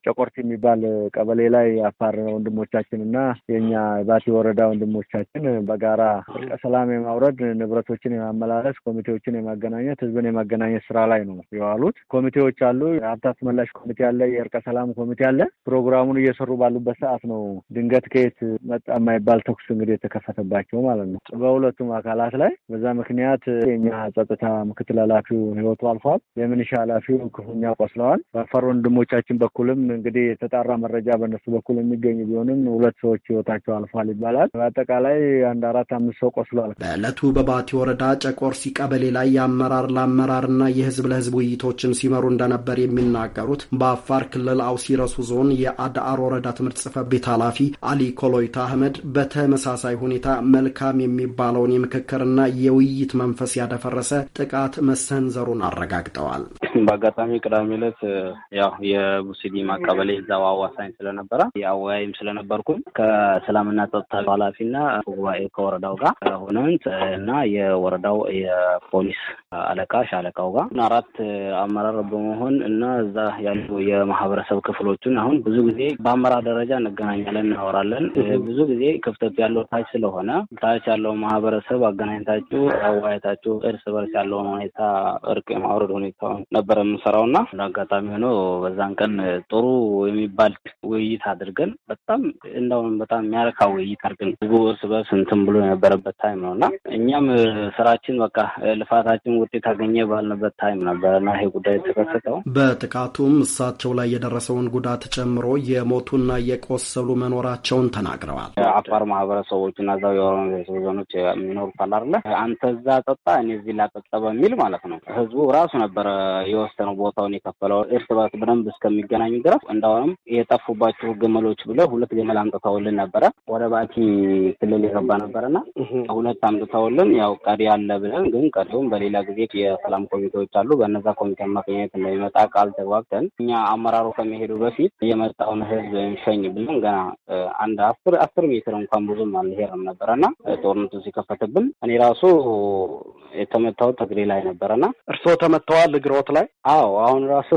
ጨቆርት የሚባል ቀበሌ ላይ አፋር ነው ወንድሞቻችን እና የኛ ባቲ ወረዳ ወንድሞቻችን በጋራ እርቀ ሰላም የማውረድ ንብረቶችን የማመላለስ ኮሚቴዎችን የማገናኘት ህዝብን የማገናኘት ስራ ላይ ነው የዋሉት። ኮሚቴዎች አሉ። ሀብት አስመላሽ ኮሚቴ አለ። የእርቀ ሰላም ኮሚቴ አለ። ፕሮግራሙን እየሰሩ ባሉበት ሰዓት ነው ድንገት ከየት መጣ የማይባል ተኩስ እንግዲህ የተከፈተባቸው ማለት ነው በሁለቱም አካላት ላይ። በዛ ምክንያት የኛ ጸጥታ ምክትል ኃላፊው ህይወቱ አልፏል። የምንሽ ኃላፊው ክፉኛ ቆስለዋል። በአፋር ወንድሞቻችን በኩልም እንግዲህ የተጣራ መረጃ በእነሱ በኩል የሚገኝ ቢሆንም ሁለት ሰዎች ህይወታቸው አልፏል ይባላል። በአጠቃላይ አንድ አራት አምስት ሰው ቆስሏል። በእለቱ በባቲ ወረዳ ጨቆርሲ ቀበሌ ላይ የአመራር ለአመራርና የህዝብ ለህዝብ ውይይቶችን ሲመሩ እንደነበር የሚናገሩት በአፋር ክልል አውሲረሱ ዞን የአዳአር ወረዳ ትምህርት ጽህፈት ቤት ኃላፊ አሊ ኮሎይታ አህመድ በተመሳሳይ ሁኔታ መልካም የሚባለውን የምክክርና የውይይት መንፈስ ያደፈረሰ ጥቃት መሰንዘሩን አረጋግጠዋል። በአጋጣሚ ቅዳሜ ዕለት ያው የቡሲሊማ ቀበሌ እዛው አዋሳኝ ስለነበረ የአወያይም ስለነበርኩም ከሰላምና ጸጥታ ኃላፊና ጉባኤ ከወረዳው ጋር ሆነን እና የወረዳው የፖሊስ አለቃ ሻለቃው ጋር አራት አመራር በመሆን እና እዛ ያሉ የማህበረሰብ ክፍሎችን አሁን ብዙ ጊዜ በአመራር ደረጃ እንገናኛለን፣ እናወራለን። ብዙ ጊዜ ክፍተት ያለው ታች ስለሆነ ታች ያለው ማህበረሰብ አገናኝታችሁ አዋየታችሁ እርስ በርስ ያለውን ሁኔታ እርቅ የማውረድ ሁኔታ ነበር የምንሰራው እና እንደ አጋጣሚ ሆኖ በዛን ቀን ጥሩ የሚባል ውይይት አድርገን በጣም በጣም እንደውም በጣም የሚያረካ ውይይት አድርገን ህዝቡ እርስ በርስ እንትን ብሎ የነበረበት ታይም ነው እና እኛም ስራችን በቃ ልፋታችን ውጤት አገኘ ባልንበት ታይም ነበረ እና ይሄ ጉዳይ የተከሰተው በጥቃቱም እሳቸው ላይ የደረሰውን ጉዳት ጨምሮ የሞቱና የቆሰሉ መኖራቸውን ተናግረዋል። አፋር ማህበረሰቦች እና እዛው የኦሮሞ ህዝቦች የሚኖሩ ካላለ አንተ እዛ ጠጣ እኔ እዚህ ላጠጣ በሚል ማለት ነው ህዝቡ ራሱ ነበረ የወሰነው ቦታውን የከፈለው እርስ በርስ በደንብ እስከሚገናኙ ድረስ እንደሁም የጠፉባቸው ግመሎች ብለህ ሁለት ግመል አምጥተውልን ነበረ። ወደ ባቲ ክልል የገባ ነበረና ሁለት አምጥተውልን ያው ቀሪ አለ ብለን ግን ቀሪውም በሌላ ጊዜ የሰላም ኮሚቴዎች አሉ። በነዛ ኮሚቴ አማካኝነት እንደሚመጣ ቃል ተግባብተን እኛ አመራሩ ከመሄዱ በፊት የመጣውን ህዝብ እንሸኝ ብለን ገና አንድ አስር አስር ሜትር እንኳን ብዙም አልሄድም ነበረና ጦርነቱ ሲከፈትብን እኔ ራሱ የተመታሁት እግሬ ላይ ነበረና እርስዎ ተመተዋል እግሮት ላይ? አዎ አሁን ራሱ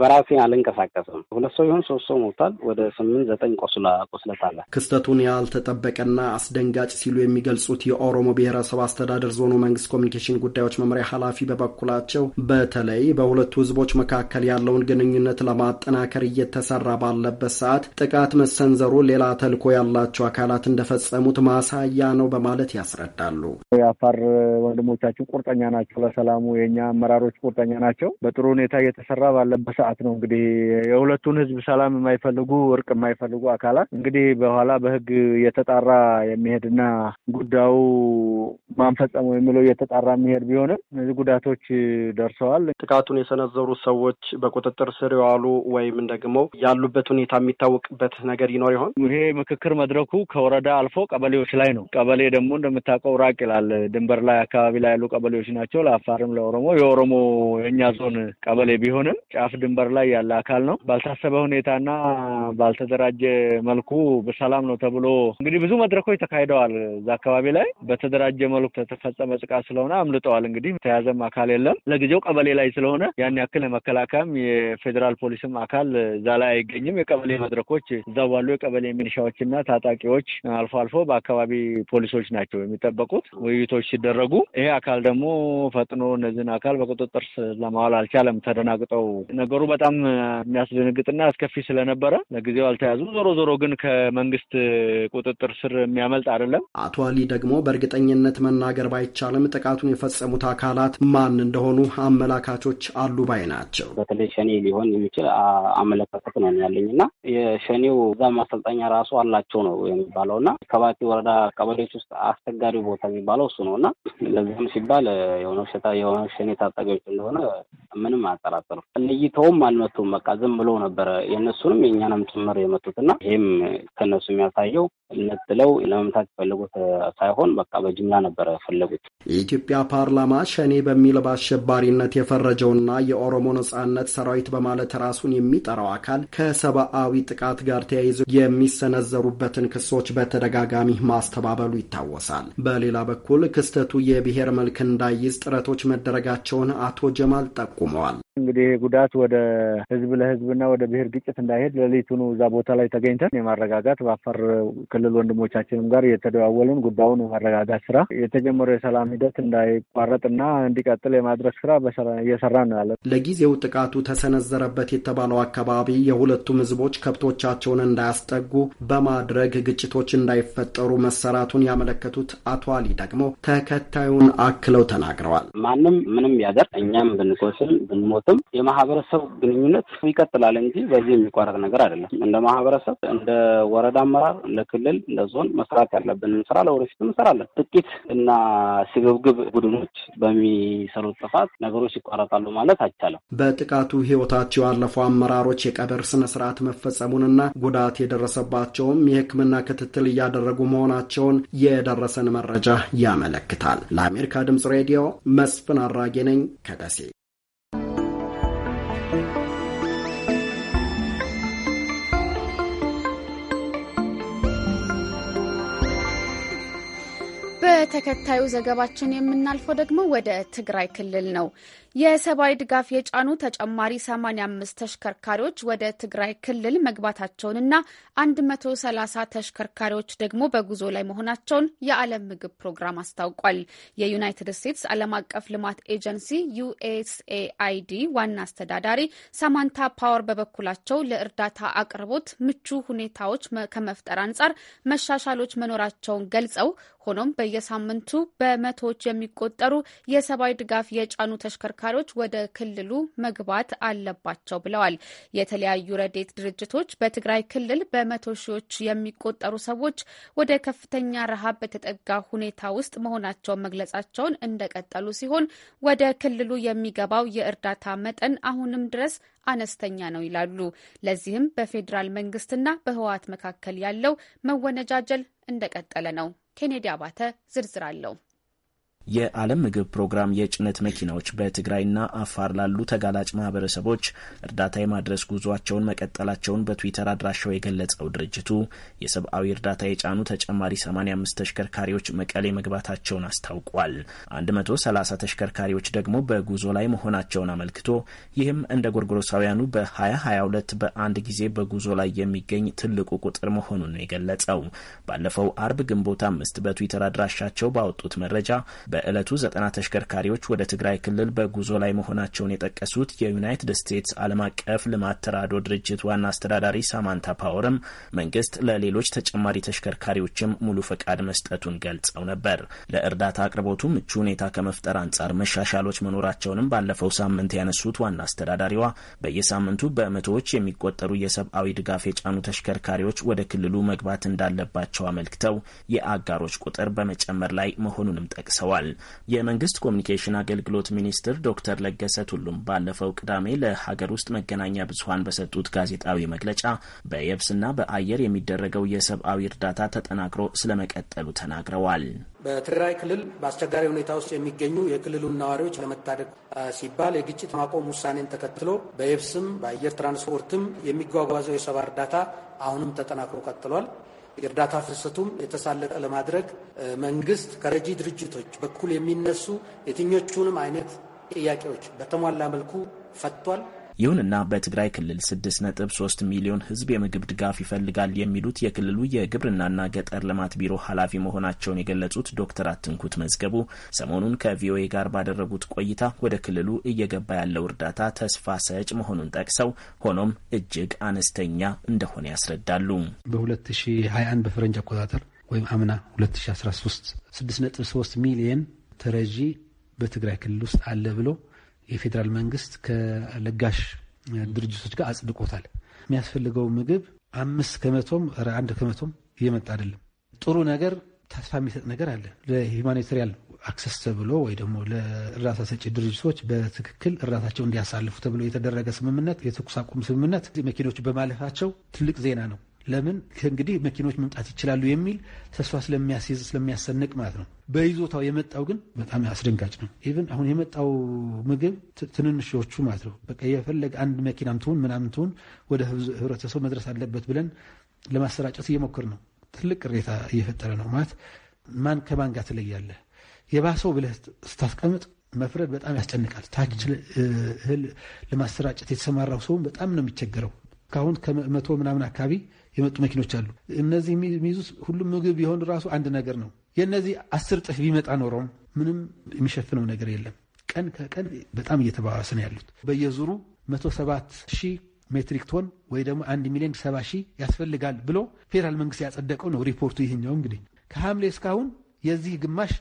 በራሴ አልንቀሳቀስም። ሁለት ሰው ይሁን ሶስት ሰው ሞቷል። ወደ ስምንት ዘጠኝ ቆስሎ ቁስለት ክስተቱን ያልተጠበቀና አስደንጋጭ ሲሉ የሚገልጹት የኦሮሞ ብሔረሰብ አስተዳደር ዞኑ መንግስት ኮሚኒኬሽን ጉዳዮች መምሪያ ኃላፊ በበኩላቸው በተለይ በሁለቱ ህዝቦች መካከል ያለውን ግንኙነት ለማጠናከር እየተሰራ ባለበት ሰዓት ጥቃት መሰንዘሩ ሌላ ተልዕኮ ያላቸው አካላት እንደፈጸሙት ማሳያ ነው በማለት ያስረዳሉ። የአፋር ወንድሞቻችን ቁርጠኛ ናቸው፣ ለሰላሙ የኛ አመራሮች ቁርጠኛ ናቸው። በጥሩ ሁኔታ እየተሰራ ባለበት ሰዓት ነው እንግዲህ የሁለቱን ህዝብ ሰላም የማይፈልጉ እርቅ የማይፈልጉ አካላት ይባላል። እንግዲህ በኋላ በህግ እየተጣራ የሚሄድና ጉዳዩ ማንፈጸሙ የሚለው እየተጣራ የሚሄድ ቢሆንም እነዚህ ጉዳቶች ደርሰዋል። ጥቃቱን የሰነዘሩ ሰዎች በቁጥጥር ስር የዋሉ ወይም ደግሞ ያሉበት ሁኔታ የሚታወቅበት ነገር ይኖር ይሆን? ይሄ ምክክር መድረኩ ከወረዳ አልፎ ቀበሌዎች ላይ ነው። ቀበሌ ደግሞ እንደምታውቀው ራቅ ይላል። ድንበር ላይ አካባቢ ላይ ያሉ ቀበሌዎች ናቸው። ለአፋርም ለኦሮሞ የኦሮሞ የእኛ ዞን ቀበሌ ቢሆንም ጫፍ ድንበር ላይ ያለ አካል ነው። ባልታሰበ ሁኔታና ባልተደራጀ መልኩ በሰላም ነው ተብሎ እንግዲህ ብዙ መድረኮች ተካሂደዋል። እዛ አካባቢ ላይ በተደራጀ መልኩ ተፈጸመ ጥቃት ስለሆነ አምልጠዋል። እንግዲህ ተያዘም አካል የለም። ለጊዜው ቀበሌ ላይ ስለሆነ ያን ያክል የመከላከያም የፌዴራል ፖሊስም አካል እዛ ላይ አይገኝም። የቀበሌ መድረኮች እዛ ባሉ የቀበሌ ሚኒሻዎችና ታጣቂዎች አልፎ አልፎ በአካባቢ ፖሊሶች ናቸው የሚጠበቁት ውይይቶች ሲደረጉ ይሄ አካል ደግሞ ፈጥኖ እነዚህን አካል በቁጥጥር ለማዋል አልቻለም። ተደናግጠው ነገሩ በጣም የሚያስደነግጥና አስከፊ ስለነበረ ለጊዜው አልተያዙም። ዞሮ ዞሮ ግን ከመንግስት ቁጥጥር ስር የሚያመልጥ አይደለም። አቶ አሊ ደግሞ በእርግጠኝነት መናገር ባይቻልም ጥቃቱን የፈጸሙት አካላት ማን እንደሆኑ አመላካቾች አሉ ባይ ናቸው። በተለይ ሸኔ ሊሆን የሚችል አመለካከት ነው ያለኝ እና የሸኔው እዛ ማሰልጠኛ ራሱ አላቸው ነው የሚባለው እና ከባቲ ወረዳ ቀበሌዎች ውስጥ አስቸጋሪ ቦታ የሚባለው እሱ ነው እና ለዚህም ሲባል የሆነ ሸታ የሆነ ሸኔ ታጣቂዎች እንደሆነ ምንም አጠራጥርም። ለይተውም አልመቱም። በቃ ዝም ብሎ ነበረ የእነሱንም የእኛንም ጭምር የመቱት እና ይህም ከነሱ የሚያሳየው ነጥለው ለመምታት የፈለጉት ሳይሆን በቃ በጅምላ ነበረ ፈለጉት። የኢትዮጵያ ፓርላማ ሸኔ በሚል በአሸባሪነት የፈረጀውና የኦሮሞ ነጻነት ሰራዊት በማለት ራሱን የሚጠራው አካል ከሰብአዊ ጥቃት ጋር ተያይዘው የሚሰነዘሩበትን ክሶች በተደጋጋሚ ማስተባበሉ ይታወሳል። በሌላ በኩል ክስተቱ የብሔር መልክ እንዳይዝ ጥረቶች መደረጋቸውን አቶ ጀማል ጠቁመዋል። እንግዲህ ጉዳት ወደ ህዝብ ለህዝብና ወደ ብሔር ግጭት እንዳይሄድ ሌሊቱኑ እዛ ቦታ ላይ ተገኝተን የማረጋጋት በአፋር ክልል ወንድሞቻችንም ጋር የተደዋወልን ጉዳዩን የማረጋጋት ስራ የተጀመረው የሰላም ሂደት እንዳይቋረጥና እንዲቀጥል የማድረግ ስራ እየሰራ ነው ያለ። ለጊዜው ጥቃቱ ተሰነዘረበት የተባለው አካባቢ የሁለቱም ህዝቦች ከብቶቻቸውን እንዳያስጠጉ በማድረግ ግጭቶች እንዳይፈጠሩ መሰራቱን ያመለከቱት አቶ አሊ ደግሞ ተከታዩን አክለው ተናግረዋል። ማንም ምንም ያደር እኛም ብንቆስል ብንሞ ቢቋረጥም የማህበረሰብ ግንኙነት ይቀጥላል እንጂ በዚህ የሚቋረጥ ነገር አይደለም። እንደ ማህበረሰብ፣ እንደ ወረዳ አመራር፣ እንደ ክልል፣ እንደ ዞን መስራት ያለብንን ስራ ለወደፊት እንሰራለን። ጥቂት እና ስግብግብ ቡድኖች በሚሰሩት ጥፋት ነገሮች ይቋረጣሉ ማለት አይቻልም። በጥቃቱ ህይወታቸው ያለፉ አመራሮች የቀብር ስነ ስርዓት መፈጸሙንና ጉዳት የደረሰባቸውም የህክምና ክትትል እያደረጉ መሆናቸውን የደረሰን መረጃ ያመለክታል። ለአሜሪካ ድምጽ ሬዲዮ መስፍን አራጌ ነኝ ከደሴ። በተከታዩ ዘገባችን የምናልፈው ደግሞ ወደ ትግራይ ክልል ነው። የሰብአዊ ድጋፍ የጫኑ ተጨማሪ 85 ተሽከርካሪዎች ወደ ትግራይ ክልል መግባታቸውንና 130 ተሽከርካሪዎች ደግሞ በጉዞ ላይ መሆናቸውን የዓለም ምግብ ፕሮግራም አስታውቋል። የዩናይትድ ስቴትስ ዓለም አቀፍ ልማት ኤጀንሲ ዩኤስኤአይዲ ዋና አስተዳዳሪ ሳማንታ ፓወር በበኩላቸው ለእርዳታ አቅርቦት ምቹ ሁኔታዎች ከመፍጠር አንጻር መሻሻሎች መኖራቸውን ገልጸው ሆኖም በየሳምንቱ በመቶዎች የሚቆጠሩ የሰብአዊ ድጋፍ የጫኑ ተሽከርካሪዎች ወደ ክልሉ መግባት አለባቸው ብለዋል። የተለያዩ ረዴት ድርጅቶች በትግራይ ክልል በመቶ ሺዎች የሚቆጠሩ ሰዎች ወደ ከፍተኛ ረሃብ በተጠጋ ሁኔታ ውስጥ መሆናቸውን መግለጻቸውን እንደቀጠሉ ሲሆን ወደ ክልሉ የሚገባው የእርዳታ መጠን አሁንም ድረስ አነስተኛ ነው ይላሉ። ለዚህም በፌዴራል መንግስትና በህወሀት መካከል ያለው መወነጃጀል እንደቀጠለ ነው። ኬኔዲ አባተ ዝርዝር አለው። የዓለም ምግብ ፕሮግራም የጭነት መኪናዎች በትግራይና አፋር ላሉ ተጋላጭ ማህበረሰቦች እርዳታ የማድረስ ጉዟቸውን መቀጠላቸውን በትዊተር አድራሻው የገለጸው ድርጅቱ የሰብአዊ እርዳታ የጫኑ ተጨማሪ 85 ተሽከርካሪዎች መቀሌ መግባታቸውን አስታውቋል። 130 ተሽከርካሪዎች ደግሞ በጉዞ ላይ መሆናቸውን አመልክቶ ይህም እንደ ጎርጎሮሳውያኑ በ2022 በአንድ ጊዜ በጉዞ ላይ የሚገኝ ትልቁ ቁጥር መሆኑን ነው የገለጸው። ባለፈው አርብ ግንቦት አምስት በትዊተር አድራሻቸው ባወጡት መረጃ በዕለቱ ዘጠና ተሽከርካሪዎች ወደ ትግራይ ክልል በጉዞ ላይ መሆናቸውን የጠቀሱት የዩናይትድ ስቴትስ ዓለም አቀፍ ልማት ተራድኦ ድርጅት ዋና አስተዳዳሪ ሳማንታ ፓወርም መንግስት ለሌሎች ተጨማሪ ተሽከርካሪዎችም ሙሉ ፈቃድ መስጠቱን ገልጸው ነበር። ለእርዳታ አቅርቦቱ ምቹ ሁኔታ ከመፍጠር አንጻር መሻሻሎች መኖራቸውንም ባለፈው ሳምንት ያነሱት ዋና አስተዳዳሪዋ በየሳምንቱ በመቶዎች የሚቆጠሩ የሰብአዊ ድጋፍ የጫኑ ተሽከርካሪዎች ወደ ክልሉ መግባት እንዳለባቸው አመልክተው የአጋሮች ቁጥር በመጨመር ላይ መሆኑንም ጠቅሰዋል። ተናግረዋል። የመንግስት ኮሚኒኬሽን አገልግሎት ሚኒስትር ዶክተር ለገሰ ቱሉም ባለፈው ቅዳሜ ለሀገር ውስጥ መገናኛ ብዙሀን በሰጡት ጋዜጣዊ መግለጫ በየብስና በአየር የሚደረገው የሰብአዊ እርዳታ ተጠናክሮ ስለመቀጠሉ ተናግረዋል። በትግራይ ክልል በአስቸጋሪ ሁኔታ ውስጥ የሚገኙ የክልሉን ነዋሪዎች ለመታደግ ሲባል የግጭት ማቆም ውሳኔን ተከትሎ በየብስም በአየር ትራንስፖርትም የሚጓጓዘው የሰብአዊ እርዳታ አሁንም ተጠናክሮ ቀጥሏል። የእርዳታ ፍሰቱም የተሳለጠ ለማድረግ መንግስት ከረጂ ድርጅቶች በኩል የሚነሱ የትኞቹንም አይነት ጥያቄዎች በተሟላ መልኩ ፈቷል። ይሁንና በትግራይ ክልል 6.3 ሚሊዮን ህዝብ የምግብ ድጋፍ ይፈልጋል የሚሉት የክልሉ የግብርናና ገጠር ልማት ቢሮ ኃላፊ መሆናቸውን የገለጹት ዶክተር አትንኩት መዝገቡ ሰሞኑን ከቪኦኤ ጋር ባደረጉት ቆይታ ወደ ክልሉ እየገባ ያለው እርዳታ ተስፋ ሰጭ መሆኑን ጠቅሰው ሆኖም እጅግ አነስተኛ እንደሆነ ያስረዳሉ። በ2021 በፈረንጅ አቆጣጠር ወይም አምና 2013 6.3 ሚሊየን ተረጂ በትግራይ ክልል ውስጥ አለ ብሎ የፌዴራል መንግስት ከለጋሽ ድርጅቶች ጋር አጽድቆታል። የሚያስፈልገው ምግብ አምስት ከመቶም አንድ ከመቶም እየመጣ አይደለም። ጥሩ ነገር ተስፋ የሚሰጥ ነገር አለ። ለሂውማኒታሪያን አክሰስ ተብሎ ወይ ደግሞ ለእርዳታ ሰጪ ድርጅቶች በትክክል እርዳታቸው እንዲያሳልፉ ተብሎ የተደረገ ስምምነት፣ የተኩስ አቁም ስምምነት መኪኖቹ በማለፋቸው ትልቅ ዜና ነው። ለምን ከእንግዲህ መኪኖች መምጣት ይችላሉ የሚል ተስፋ ስለሚያስይዝ ስለሚያሰንቅ ማለት ነው። በይዞታው የመጣው ግን በጣም አስደንጋጭ ነው። ኢቨን አሁን የመጣው ምግብ ትንንሾቹ ማለት ነው። በቃ የፈለገ አንድ መኪናም ትሁን ምናምን ትሁን ወደ ህብረተሰቡ መድረስ አለበት ብለን ለማሰራጨት እየሞከር ነው። ትልቅ ቅሬታ እየፈጠረ ነው ማለት ማን ከማን ጋር ትለያለህ? የባሰው ብለህ ስታስቀምጥ መፍረድ በጣም ያስጨንቃል። ታች እህል ለማሰራጨት የተሰማራው ሰውን በጣም ነው የሚቸገረው። ካሁን ከመቶ ምናምን አካባቢ የመጡ መኪኖች አሉ። እነዚህ የሚይዙት ሁሉም ምግብ ቢሆን ራሱ አንድ ነገር ነው። የእነዚህ አስር ጥፍ ቢመጣ ኖረውም ምንም የሚሸፍነው ነገር የለም። ቀን ከቀን በጣም እየተባባሰ ነው ያሉት። በየዙሩ 107 ሺህ ሜትሪክ ቶን ወይ ደግሞ 1 ሚሊዮን 7 ሺህ ያስፈልጋል ብሎ ፌዴራል መንግስት ያጸደቀው ነው ሪፖርቱ። ይህኛው እንግዲህ ከሐምሌ እስካሁን የዚህ ግማሽ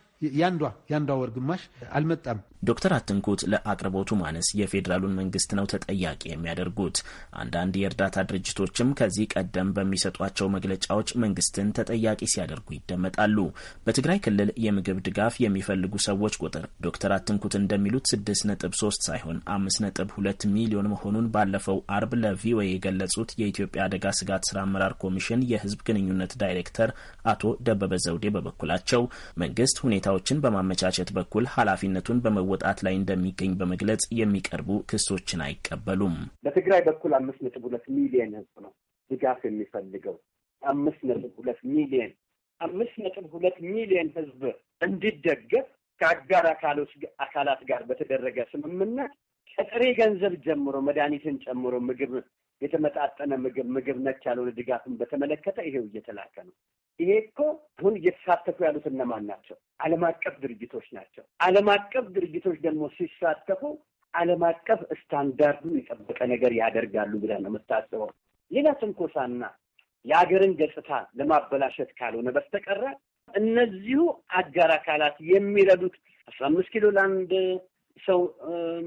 ያንዷ ያንዷ ወር ግማሽ አልመጣም። ዶክተር አትንኩት ለአቅርቦቱ ማነስ የፌዴራሉን መንግስት ነው ተጠያቂ የሚያደርጉት። አንዳንድ የእርዳታ ድርጅቶችም ከዚህ ቀደም በሚሰጧቸው መግለጫዎች መንግስትን ተጠያቂ ሲያደርጉ ይደመጣሉ። በትግራይ ክልል የምግብ ድጋፍ የሚፈልጉ ሰዎች ቁጥር ዶክተር አትንኩት እንደሚሉት 6.3 ሳይሆን ሁለት ሚሊዮን መሆኑን ባለፈው አርብ ለቪኦኤ የገለጹት የኢትዮጵያ አደጋ ስጋት ስራ አመራር ኮሚሽን የህዝብ ግንኙነት ዳይሬክተር አቶ ደበበ ዘውዴ በበኩላቸው መንግስት ሁኔታዎችን በማመቻቸት በኩል ኃላፊነቱን በመወ መወጣት ላይ እንደሚገኝ በመግለጽ የሚቀርቡ ክሶችን አይቀበሉም። በትግራይ በኩል አምስት ነጥብ ሁለት ሚሊየን ህዝብ ነው ድጋፍ የሚፈልገው። አምስት ነጥብ ሁለት ሚሊየን አምስት ነጥብ ሁለት ሚሊየን ህዝብ እንዲደገፍ ከአጋር አካሎች አካላት ጋር በተደረገ ስምምነት ከጥሬ ገንዘብ ጀምሮ መድኃኒትን ጨምሮ ምግብ የተመጣጠነ ምግብ ምግብ ነክ ያልሆነ ድጋፍን በተመለከተ ይሄው እየተላከ ነው። ይሄ እኮ አሁን እየተሳተፉ ያሉት እነማን ናቸው? ዓለም አቀፍ ድርጅቶች ናቸው። ዓለም አቀፍ ድርጅቶች ደግሞ ሲሳተፉ ዓለም አቀፍ ስታንዳርዱን የጠበቀ ነገር ያደርጋሉ ብለህ ነው የምታስበው። ሌላ ትንኮሳና የሀገርን ገጽታ ለማበላሸት ካልሆነ በስተቀረ እነዚሁ አጋር አካላት የሚረዱት አስራ አምስት ኪሎ ለአንድ ሰው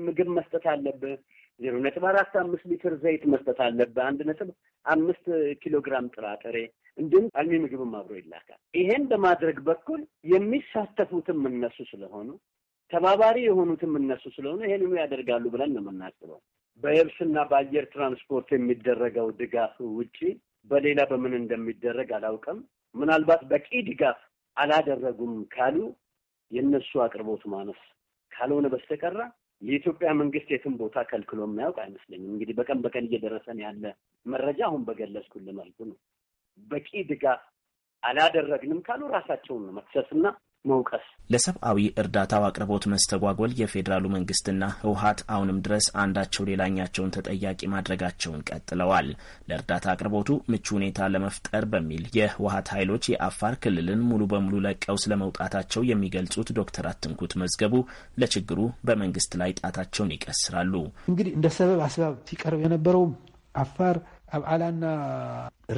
ምግብ መስጠት አለብህ ዜሮ ነጥብ አራት አምስት ሊትር ዘይት መስጠት አለብህ። አንድ ነጥብ አምስት ኪሎ ግራም ጥራጥሬ እንዲሁም አልሚ ምግብም አብሮ ይላካል። ይሄን በማድረግ በኩል የሚሳተፉትም እነሱ ስለሆኑ ተባባሪ የሆኑትም እነሱ ስለሆኑ ይሄንኑ ያደርጋሉ ብለን ነው የምናስበው። በየብስና በአየር ትራንስፖርት የሚደረገው ድጋፍ ውጪ በሌላ በምን እንደሚደረግ አላውቅም። ምናልባት በቂ ድጋፍ አላደረጉም ካሉ የእነሱ አቅርቦት ማነስ ካልሆነ በስተቀራ የኢትዮጵያ መንግስት የትም ቦታ ከልክሎ የማያውቅ አይመስለኝም። እንግዲህ በቀን በቀን እየደረሰን ያለ መረጃ አሁን በገለጽኩል መልኩ ነው። በቂ ድጋፍ አላደረግንም ካሉ ራሳቸውን ነው መክሰስና መውቀስ ለሰብአዊ እርዳታው አቅርቦት መስተጓጎል የፌዴራሉ መንግስትና ህውሀት አሁንም ድረስ አንዳቸው ሌላኛቸውን ተጠያቂ ማድረጋቸውን ቀጥለዋል። ለእርዳታ አቅርቦቱ ምቹ ሁኔታ ለመፍጠር በሚል የህውሀት ኃይሎች የአፋር ክልልን ሙሉ በሙሉ ለቀው ስለመውጣታቸው የሚገልጹት ዶክተር አትንኩት መዝገቡ ለችግሩ በመንግስት ላይ ጣታቸውን ይቀስራሉ። እንግዲህ እንደ ሰበብ አስባብ ሲቀርብ የነበረውም አፋር አብዓላና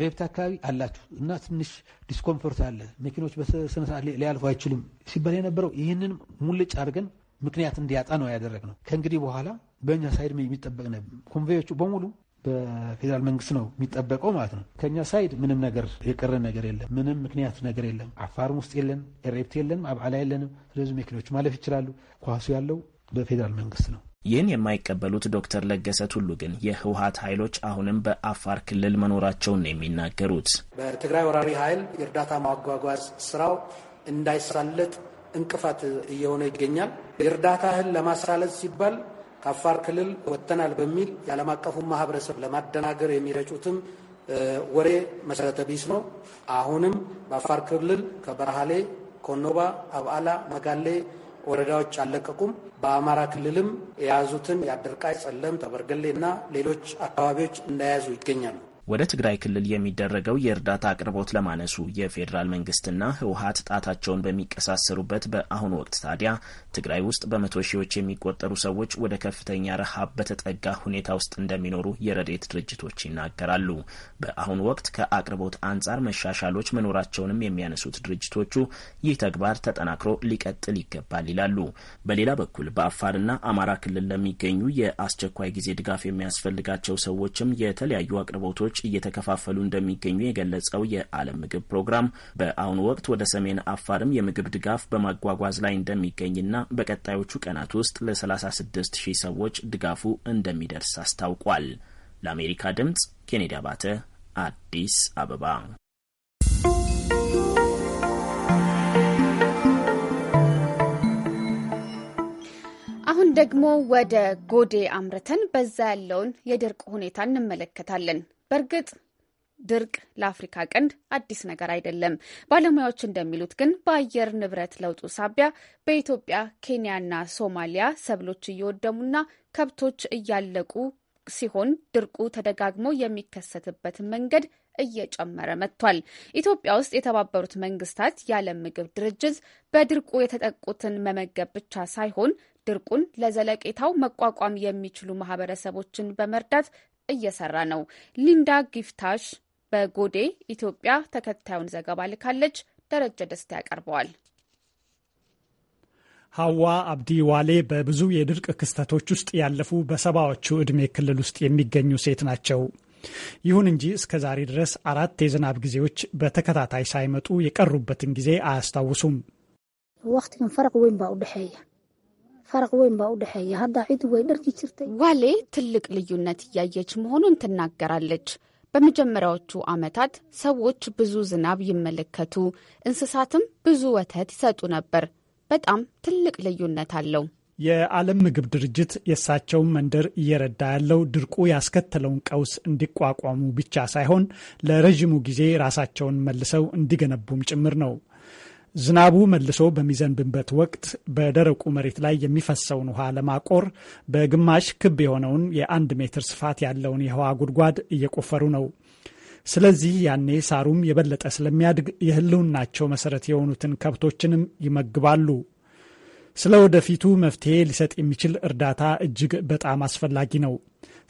ሬብት አካባቢ አላችሁ እና ትንሽ ዲስኮምፎርት አለ፣ መኪኖች በስነስርዓት ሊያልፉ አይችሉም ሲባል የነበረው ይህንን ሙልጭ አድርገን ምክንያት እንዲያጣ ነው ያደረግነው። ከእንግዲህ በኋላ በእኛ ሳይድ የሚጠበቅ ነ ኮንቬዮቹ በሙሉ በፌዴራል መንግስት ነው የሚጠበቀው ማለት ነው። ከእኛ ሳይድ ምንም ነገር የቀረ ነገር የለም። ምንም ምክንያት ነገር የለም። አፋርም ውስጥ የለን፣ ሬብት የለንም፣ አብዓላ የለንም። ስለዚህ መኪኖች ማለፍ ይችላሉ። ኳሱ ያለው በፌዴራል መንግስት ነው። ይህን የማይቀበሉት ዶክተር ለገሰ ቱሉ ግን የህወሀት ኃይሎች አሁንም በአፋር ክልል መኖራቸውን ነው የሚናገሩት። በትግራይ ወራሪ ኃይል የእርዳታ ማጓጓዝ ስራው እንዳይሳለጥ እንቅፋት እየሆነ ይገኛል። የእርዳታ እህል ለማሳለጥ ሲባል ከአፋር ክልል ወጥተናል በሚል የዓለም አቀፉን ማህበረሰብ ለማደናገር የሚረጩትም ወሬ መሰረተ ቢስ ነው። አሁንም በአፋር ክልል ከበረሃሌ፣ ኮኖባ፣ አብዓላ፣ መጋሌ ወረዳዎች አለቀቁም። በአማራ ክልልም የያዙትን የአደርቃይ፣ ጸለም፣ ተበርገሌ እና ሌሎች አካባቢዎች እንደያዙ ይገኛሉ። ወደ ትግራይ ክልል የሚደረገው የእርዳታ አቅርቦት ለማነሱ የፌዴራል መንግስትና ህወሀት ጣታቸውን በሚቀሳሰሩበት በአሁኑ ወቅት ታዲያ ትግራይ ውስጥ በመቶ ሺዎች የሚቆጠሩ ሰዎች ወደ ከፍተኛ ረሃብ በተጠጋ ሁኔታ ውስጥ እንደሚኖሩ የረዴት ድርጅቶች ይናገራሉ። በአሁኑ ወቅት ከአቅርቦት አንጻር መሻሻሎች መኖራቸውንም የሚያነሱት ድርጅቶቹ ይህ ተግባር ተጠናክሮ ሊቀጥል ይገባል ይላሉ። በሌላ በኩል በአፋርና አማራ ክልል ለሚገኙ የአስቸኳይ ጊዜ ድጋፍ የሚያስፈልጋቸው ሰዎችም የተለያዩ አቅርቦቶች እየተከፋፈሉ እንደሚገኙ የገለጸው የዓለም ምግብ ፕሮግራም በአሁኑ ወቅት ወደ ሰሜን አፋርም የምግብ ድጋፍ በማጓጓዝ ላይ እንደሚገኝና በቀጣዮቹ ቀናት ውስጥ ለ36 ሺህ ሰዎች ድጋፉ እንደሚደርስ አስታውቋል። ለአሜሪካ ድምጽ ኬኔዲ አባተ አዲስ አበባ። አሁን ደግሞ ወደ ጎዴ አምርተን በዛ ያለውን የድርቅ ሁኔታ እንመለከታለን። በእርግጥ ድርቅ ለአፍሪካ ቀንድ አዲስ ነገር አይደለም። ባለሙያዎች እንደሚሉት ግን በአየር ንብረት ለውጡ ሳቢያ በኢትዮጵያ ኬንያና ሶማሊያ ሰብሎች እየወደሙና ከብቶች እያለቁ ሲሆን ድርቁ ተደጋግሞ የሚከሰትበትን መንገድ እየጨመረ መጥቷል። ኢትዮጵያ ውስጥ የተባበሩት መንግስታት የዓለም ምግብ ድርጅት በድርቁ የተጠቁትን መመገብ ብቻ ሳይሆን ድርቁን ለዘለቄታው መቋቋም የሚችሉ ማህበረሰቦችን በመርዳት እየሰራ ነው። ሊንዳ ጊፍታሽ በጎዴ ኢትዮጵያ ተከታዩን ዘገባ ልካለች። ደረጀ ደስታ ያቀርበዋል። ሀዋ አብዲ ዋሌ በብዙ የድርቅ ክስተቶች ውስጥ ያለፉ በሰባዎቹ ዕድሜ ክልል ውስጥ የሚገኙ ሴት ናቸው። ይሁን እንጂ እስከ ዛሬ ድረስ አራት የዝናብ ጊዜዎች በተከታታይ ሳይመጡ የቀሩበትን ጊዜ አያስታውሱም። ወቅት ፈረቅ ወይም ባኡ ድሐያ ፈረቅ ወይም ባ ሀዳ ዒድ ወይ ደርጊ ችርተ ዋሌ ትልቅ ልዩነት እያየች መሆኑን ትናገራለች። በመጀመሪያዎቹ ዓመታት ሰዎች ብዙ ዝናብ ይመለከቱ፣ እንስሳትም ብዙ ወተት ይሰጡ ነበር። በጣም ትልቅ ልዩነት አለው። የዓለም ምግብ ድርጅት የእሳቸውን መንደር እየረዳ ያለው ድርቁ ያስከተለውን ቀውስ እንዲቋቋሙ ብቻ ሳይሆን ለረዥሙ ጊዜ ራሳቸውን መልሰው እንዲገነቡም ጭምር ነው። ዝናቡ መልሶ በሚዘንብበት ወቅት በደረቁ መሬት ላይ የሚፈሰውን ውሃ ለማቆር በግማሽ ክብ የሆነውን የአንድ ሜትር ስፋት ያለውን የውሃ ጉድጓድ እየቆፈሩ ነው። ስለዚህ ያኔ ሳሩም የበለጠ ስለሚያድግ የሕልውናቸው መሰረት የሆኑትን ከብቶችንም ይመግባሉ። ስለ ወደፊቱ መፍትሄ ሊሰጥ የሚችል እርዳታ እጅግ በጣም አስፈላጊ ነው።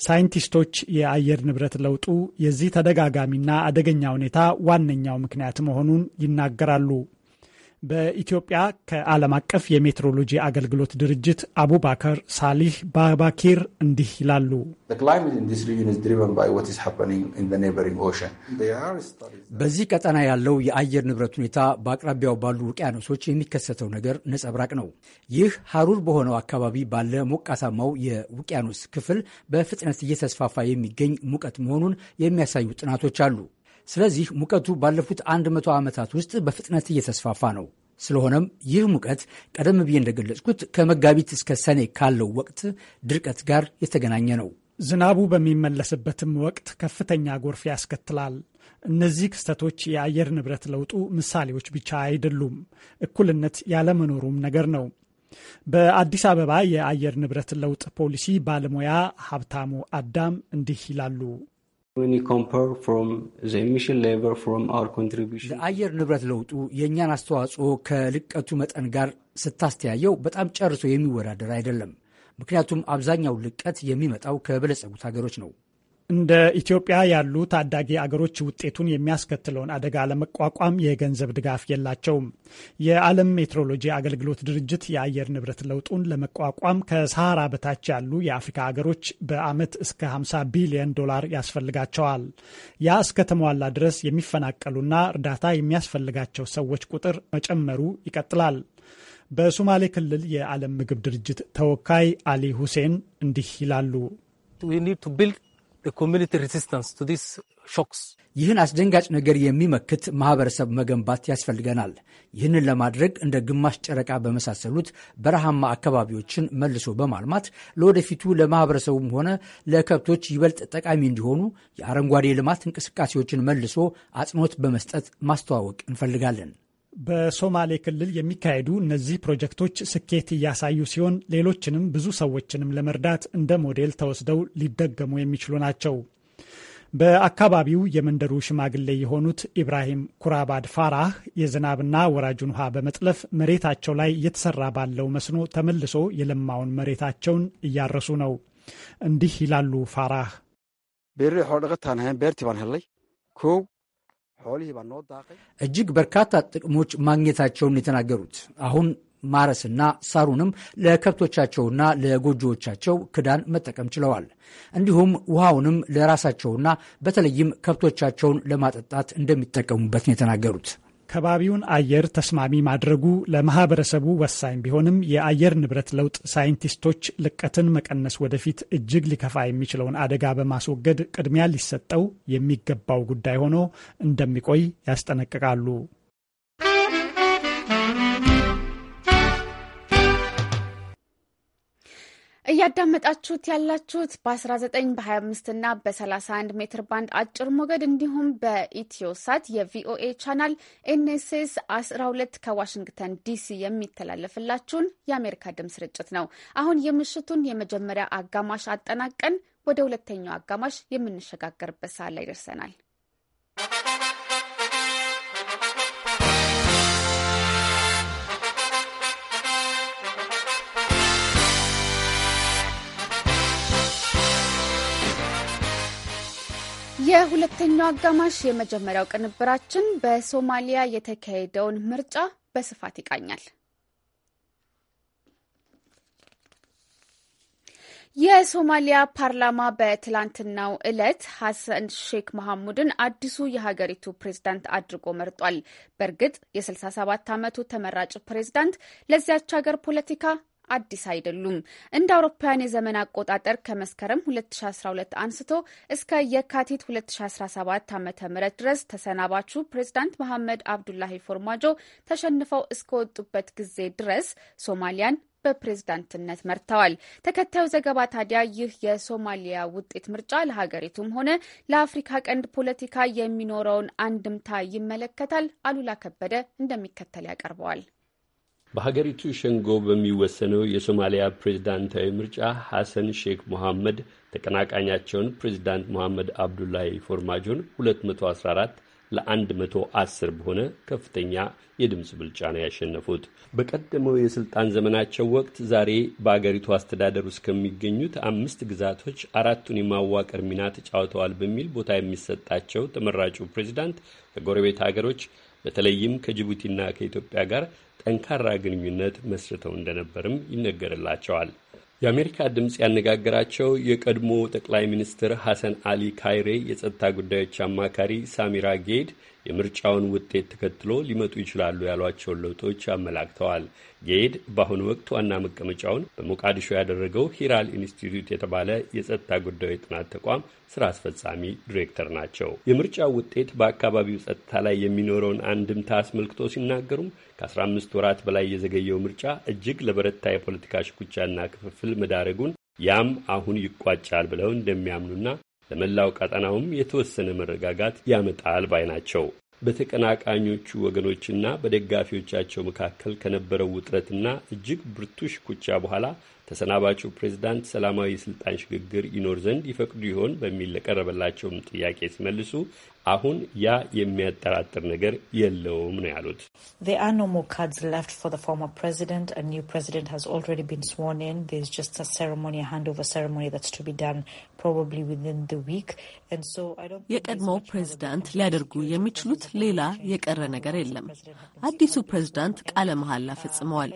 ሳይንቲስቶች የአየር ንብረት ለውጡ የዚህ ተደጋጋሚና አደገኛ ሁኔታ ዋነኛው ምክንያት መሆኑን ይናገራሉ። በኢትዮጵያ ከዓለም አቀፍ የሜትሮሎጂ አገልግሎት ድርጅት አቡባከር ሳሊህ ባባኪር እንዲህ ይላሉ። በዚህ ቀጠና ያለው የአየር ንብረት ሁኔታ በአቅራቢያው ባሉ ውቅያኖሶች የሚከሰተው ነገር ነጸብራቅ ነው። ይህ ሐሩር በሆነው አካባቢ ባለ ሞቃታማው የውቅያኖስ ክፍል በፍጥነት እየተስፋፋ የሚገኝ ሙቀት መሆኑን የሚያሳዩ ጥናቶች አሉ። ስለዚህ ሙቀቱ ባለፉት 100 ዓመታት ውስጥ በፍጥነት እየተስፋፋ ነው። ስለሆነም ይህ ሙቀት ቀደም ብዬ እንደገለጽኩት ከመጋቢት እስከ ሰኔ ካለው ወቅት ድርቀት ጋር የተገናኘ ነው። ዝናቡ በሚመለስበትም ወቅት ከፍተኛ ጎርፍ ያስከትላል። እነዚህ ክስተቶች የአየር ንብረት ለውጡ ምሳሌዎች ብቻ አይደሉም፣ እኩልነት ያለመኖሩም ነገር ነው። በአዲስ አበባ የአየር ንብረት ለውጥ ፖሊሲ ባለሙያ ሀብታሙ አዳም እንዲህ ይላሉ። ለአየር ንብረት ለውጡ የእኛን አስተዋጽኦ ከልቀቱ መጠን ጋር ስታስተያየው በጣም ጨርሶ የሚወዳደር አይደለም። ምክንያቱም አብዛኛው ልቀት የሚመጣው ከበለጸጉት ሀገሮች ነው። እንደ ኢትዮጵያ ያሉ ታዳጊ አገሮች ውጤቱን የሚያስከትለውን አደጋ ለመቋቋም የገንዘብ ድጋፍ የላቸውም። የዓለም ሜትሮሎጂ አገልግሎት ድርጅት የአየር ንብረት ለውጡን ለመቋቋም ከሰሃራ በታች ያሉ የአፍሪካ አገሮች በዓመት እስከ 50 ቢሊዮን ዶላር ያስፈልጋቸዋል። ያ እስከተሟላ ድረስ የሚፈናቀሉና እርዳታ የሚያስፈልጋቸው ሰዎች ቁጥር መጨመሩ ይቀጥላል። በሶማሌ ክልል የዓለም ምግብ ድርጅት ተወካይ አሊ ሁሴን እንዲህ ይላሉ። ይህን አስደንጋጭ ነገር የሚመክት ማህበረሰብ መገንባት ያስፈልገናል። ይህንን ለማድረግ እንደ ግማሽ ጨረቃ በመሳሰሉት በረሃማ አካባቢዎችን መልሶ በማልማት ለወደፊቱ ለማህበረሰቡም ሆነ ለከብቶች ይበልጥ ጠቃሚ እንዲሆኑ የአረንጓዴ ልማት እንቅስቃሴዎችን መልሶ አጽንኦት በመስጠት ማስተዋወቅ እንፈልጋለን። በሶማሌ ክልል የሚካሄዱ እነዚህ ፕሮጀክቶች ስኬት እያሳዩ ሲሆን ሌሎችንም ብዙ ሰዎችንም ለመርዳት እንደ ሞዴል ተወስደው ሊደገሙ የሚችሉ ናቸው። በአካባቢው የመንደሩ ሽማግሌ የሆኑት ኢብራሂም ኩራባድ ፋራህ የዝናብና ወራጁን ውሃ በመጥለፍ መሬታቸው ላይ እየተሰራ ባለው መስኖ ተመልሶ የለማውን መሬታቸውን እያረሱ ነው። እንዲህ ይላሉ ፋራህ ቤሪ ሆ ቤርቲ ባን ኮው እጅግ በርካታ ጥቅሞች ማግኘታቸውን የተናገሩት አሁን ማረስና ሳሩንም ለከብቶቻቸውና ለጎጆዎቻቸው ክዳን መጠቀም ችለዋል። እንዲሁም ውሃውንም ለራሳቸውና በተለይም ከብቶቻቸውን ለማጠጣት እንደሚጠቀሙበት ነው የተናገሩት። ከባቢውን አየር ተስማሚ ማድረጉ ለማህበረሰቡ ወሳኝ ቢሆንም የአየር ንብረት ለውጥ ሳይንቲስቶች ልቀትን መቀነስ ወደፊት እጅግ ሊከፋ የሚችለውን አደጋ በማስወገድ ቅድሚያ ሊሰጠው የሚገባው ጉዳይ ሆኖ እንደሚቆይ ያስጠነቅቃሉ። እያዳመጣችሁት ያላችሁት በ19 በ25 እና በ31 ሜትር ባንድ አጭር ሞገድ እንዲሁም በኢትዮ ሳት የቪኦኤ ቻናል ኤንኤስኤስ 12 ከዋሽንግተን ዲሲ የሚተላለፍላችሁን የአሜሪካ ድምፅ ስርጭት ነው። አሁን የምሽቱን የመጀመሪያ አጋማሽ አጠናቀን ወደ ሁለተኛው አጋማሽ የምንሸጋገርበት ሰዓት ላይ ደርሰናል። የሁለተኛው አጋማሽ የመጀመሪያው ቅንብራችን በሶማሊያ የተካሄደውን ምርጫ በስፋት ይቃኛል። የሶማሊያ ፓርላማ በትላንትናው ዕለት ሐሰን ሼክ መሐሙድን አዲሱ የሀገሪቱ ፕሬዝዳንት አድርጎ መርጧል። በእርግጥ የ67 ዓመቱ ተመራጭ ፕሬዝዳንት ለዚያች ሀገር ፖለቲካ አዲስ አይደሉም። እንደ አውሮፓውያን የዘመን አቆጣጠር ከመስከረም 2012 አንስቶ እስከ የካቲት 2017 ዓ ም ድረስ ተሰናባቹ ፕሬዚዳንት መሐመድ አብዱላሂ ፎርማጆ ተሸንፈው እስከወጡበት ጊዜ ድረስ ሶማሊያን በፕሬዝዳንትነት መርተዋል። ተከታዩ ዘገባ ታዲያ ይህ የሶማሊያ ውጤት ምርጫ ለሀገሪቱም ሆነ ለአፍሪካ ቀንድ ፖለቲካ የሚኖረውን አንድምታ ይመለከታል። አሉላ ከበደ እንደሚከተል ያቀርበዋል። በሀገሪቱ ሸንጎ በሚወሰነው የሶማሊያ ፕሬዝዳንታዊ ምርጫ ሐሰን ሼክ ሞሐመድ ተቀናቃኛቸውን ፕሬዚዳንት ሞሐመድ አብዱላሂ ፎርማጆን 214 ለ110 በሆነ ከፍተኛ የድምፅ ብልጫ ነው ያሸነፉት። በቀደመው የሥልጣን ዘመናቸው ወቅት ዛሬ በአገሪቱ አስተዳደር ውስጥ ከሚገኙት አምስት ግዛቶች አራቱን የማዋቀር ሚና ተጫውተዋል በሚል ቦታ የሚሰጣቸው ተመራጩ ፕሬዚዳንት ከጎረቤት ሀገሮች በተለይም ከጅቡቲና ከኢትዮጵያ ጋር ጠንካራ ግንኙነት መስርተው እንደነበርም ይነገርላቸዋል። የአሜሪካ ድምፅ ያነጋገራቸው የቀድሞ ጠቅላይ ሚኒስትር ሐሰን አሊ ካይሬ የጸጥታ ጉዳዮች አማካሪ ሳሚራ ጌድ የምርጫውን ውጤት ተከትሎ ሊመጡ ይችላሉ ያሏቸውን ለውጦች አመላክተዋል። ጌድ በአሁኑ ወቅት ዋና መቀመጫውን በሞቃዲሾ ያደረገው ሂራል ኢንስቲትዩት የተባለ የጸጥታ ጉዳዮች ጥናት ተቋም ስራ አስፈጻሚ ዲሬክተር ናቸው። የምርጫው ውጤት በአካባቢው ጸጥታ ላይ የሚኖረውን አንድምታ አስመልክቶ ሲናገሩም ከ15 ወራት በላይ የዘገየው ምርጫ እጅግ ለበረታ የፖለቲካ ሽኩቻና ክፍፍል መዳረጉን ያም አሁን ይቋጫል ብለው እንደሚያምኑና ለመላው ቀጠናውም የተወሰነ መረጋጋት ያመጣል ባይ ናቸው። በተቀናቃኞቹ ወገኖችና በደጋፊዎቻቸው መካከል ከነበረው ውጥረትና እጅግ ብርቱ ሽኩቻ በኋላ ተሰናባቹ ፕሬዚዳንት ሰላማዊ የስልጣን ሽግግር ይኖር ዘንድ ይፈቅዱ ይሆን በሚል ለቀረበላቸውም ጥያቄ ሲመልሱ አሁን ያ የሚያጠራጥር ነገር የለውም ነው ያሉት። የቀድሞው ፕሬዚዳንት ሊያደርጉ የሚችሉት ሌላ የቀረ ነገር የለም። አዲሱ ፕሬዚዳንት ቃለ መሐላ ፈጽመዋል።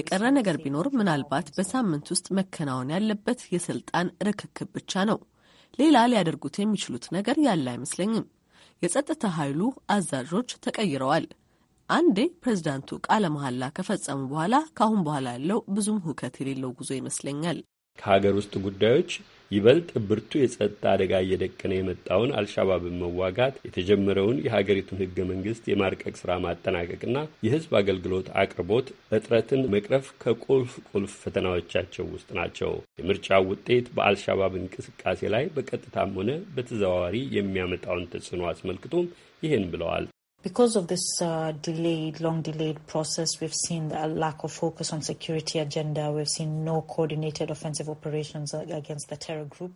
የቀረ ነገር ቢኖር ምናልባት በሳ ሳምንት ውስጥ መከናወን ያለበት የስልጣን ርክክብ ብቻ ነው። ሌላ ሊያደርጉት የሚችሉት ነገር ያለ አይመስለኝም። የጸጥታ ኃይሉ አዛዦች ተቀይረዋል። አንዴ ፕሬዝዳንቱ ቃለ መሐላ ከፈጸሙ በኋላ ከአሁን በኋላ ያለው ብዙም ሁከት የሌለው ጉዞ ይመስለኛል። ከሀገር ውስጥ ጉዳዮች ይበልጥ ብርቱ የጸጥታ አደጋ እየደቀነ የመጣውን አልሻባብን መዋጋት የተጀመረውን የሀገሪቱን ህገ መንግስት የማርቀቅ ስራ ማጠናቀቅና የህዝብ አገልግሎት አቅርቦት እጥረትን መቅረፍ ከቁልፍ ቁልፍ ፈተናዎቻቸው ውስጥ ናቸው። የምርጫው ውጤት በአልሻባብ እንቅስቃሴ ላይ በቀጥታም ሆነ በተዘዋዋሪ የሚያመጣውን ተጽዕኖ አስመልክቶም ይህን ብለዋል። Because of this uh, delayed, long delayed process, we've seen a lack of focus on security agenda. We've seen no coordinated offensive operations against the terror group.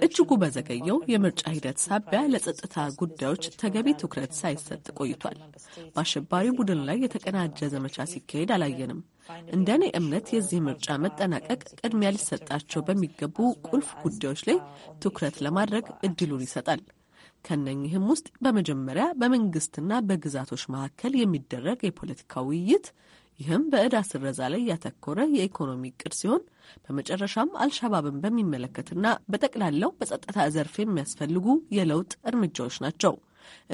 በእጅጉ በዘገየው የምርጫ ሂደት ሳቢያ ለጸጥታ ጉዳዮች ተገቢ ትኩረት ሳይሰጥ ቆይቷል። በአሸባሪ ቡድን ላይ የተቀናጀ ዘመቻ ሲካሄድ አላየንም። እንደ እኔ እምነት የዚህ ምርጫ መጠናቀቅ ቅድሚያ ሊሰጣቸው በሚገቡ ቁልፍ ጉዳዮች ላይ ትኩረት ለማድረግ እድሉን ይሰጣል። ከነኚህም ውስጥ በመጀመሪያ በመንግስትና በግዛቶች መካከል የሚደረግ የፖለቲካ ውይይት ይህም በእዳ ስረዛ ላይ ያተኮረ የኢኮኖሚ እቅድ ሲሆን በመጨረሻም አልሻባብን በሚመለከትና በጠቅላላው በጸጥታ ዘርፍ የሚያስፈልጉ የለውጥ እርምጃዎች ናቸው።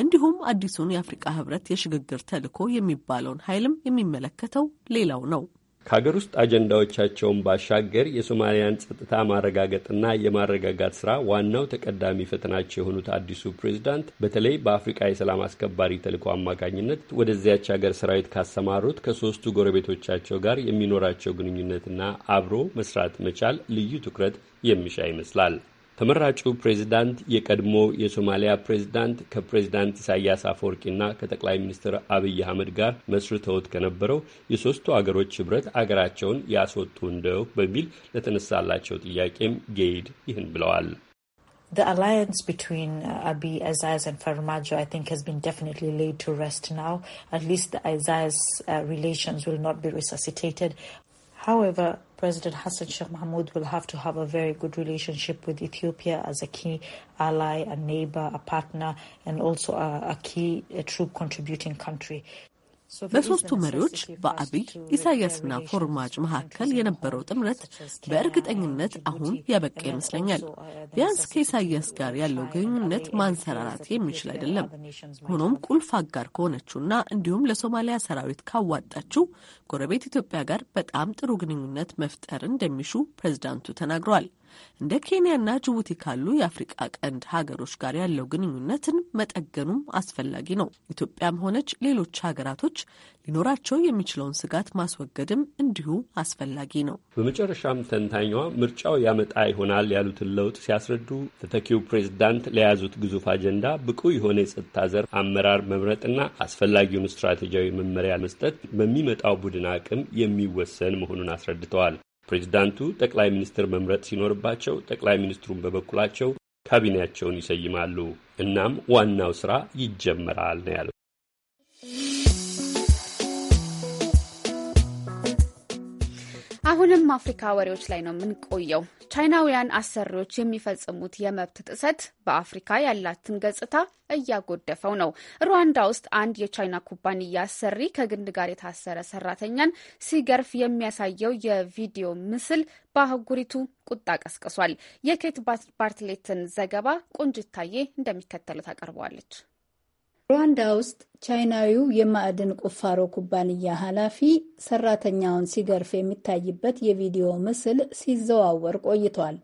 እንዲሁም አዲሱን የአፍሪቃ ህብረት የሽግግር ተልዕኮ የሚባለውን ኃይልም የሚመለከተው ሌላው ነው። ከሀገር ውስጥ አጀንዳዎቻቸውን ባሻገር የሶማሊያን ጸጥታ ማረጋገጥና የማረጋጋት ስራ ዋናው ተቀዳሚ ፈተናቸው የሆኑት አዲሱ ፕሬዚዳንት በተለይ በአፍሪቃ የሰላም አስከባሪ ተልዕኮ አማካኝነት ወደዚያች ሀገር ሰራዊት ካሰማሩት ከሶስቱ ጎረቤቶቻቸው ጋር የሚኖራቸው ግንኙነትና አብሮ መስራት መቻል ልዩ ትኩረት የሚሻ ይመስላል። ተመራጩ ፕሬዚዳንት የቀድሞ የሶማሊያ ፕሬዚዳንት ከፕሬዚዳንት ኢሳያስ አፈወርቂ አፈወርቂና ከጠቅላይ ሚኒስትር አብይ አህመድ ጋር መስርተውት ከነበረው የሶስቱ አገሮች ህብረት አገራቸውን ያስወጡ እንደው በሚል ለተነሳላቸው ጥያቄም ጌይድ ይህን ብለዋል። አቢ President Hassan Sheikh Mohamud will have to have a very good relationship with Ethiopia as a key ally, a neighbor, a partner, and also a, a key a contributing country. በሶስቱ መሪዎች በአብይ ኢሳያስና ፎርማጅ መካከል የነበረው ጥምረት በእርግጠኝነት አሁን ያበቃ ይመስለኛል። ቢያንስ ከኢሳያስ ጋር ያለው ግንኙነት ማንሰራራት የሚችል አይደለም። ሆኖም ቁልፍ አጋር ከሆነችውና እንዲሁም ለሶማሊያ ሰራዊት ካዋጣችው ጎረቤት ኢትዮጵያ ጋር በጣም ጥሩ ግንኙነት መፍጠር እንደሚሹ ፕሬዚዳንቱ ተናግረዋል። እንደ ኬንያና ጅቡቲ ካሉ የአፍሪቃ ቀንድ ሀገሮች ጋር ያለው ግንኙነትን መጠገኑም አስፈላጊ ነው። ኢትዮጵያም ሆነች ሌሎች ሀገራቶች ሊኖራቸው የሚችለውን ስጋት ማስወገድም እንዲሁ አስፈላጊ ነው። በመጨረሻም ተንታኟ ምርጫው ያመጣ ይሆናል ያሉትን ለውጥ ሲያስረዱ ተተኪው ፕሬዝዳንት ለያዙት ግዙፍ አጀንዳ ብቁ የሆነ የጸጥታ ዘርፍ አመራር መምረጥና አስፈላጊውን ስትራቴጂያዊ መመሪያ መስጠት በሚመጣው ቡድን አቅም የሚወሰን መሆኑን አስረድተዋል። ፕሬዚዳንቱ ጠቅላይ ሚኒስትር መምረጥ ሲኖርባቸው ጠቅላይ ሚኒስትሩን በበኩላቸው ካቢኔያቸውን ይሰይማሉ። እናም ዋናው ስራ ይጀመራል ነው ያሉት። አሁንም አፍሪካ ወሬዎች ላይ ነው የምንቆየው። ቻይናውያን አሰሪዎች የሚፈጽሙት የመብት ጥሰት በአፍሪካ ያላትን ገጽታ እያጎደፈው ነው። ሩዋንዳ ውስጥ አንድ የቻይና ኩባንያ አሰሪ ከግንድ ጋር የታሰረ ሰራተኛን ሲገርፍ የሚያሳየው የቪዲዮ ምስል በአህጉሪቱ ቁጣ ቀስቅሷል። የኬት ባርትሌትን ዘገባ ቆንጅታዬ እንደሚከተሉት ታቀርበዋለች። ሩዋንዳ ውስጥ ቻይናዊው የማዕድን ቁፋሮ ኩባንያ ኃላፊ ሰራተኛውን ሲገርፍ የሚታይበት የቪዲዮ ምስል ሲዘዋወር ቆይቷል።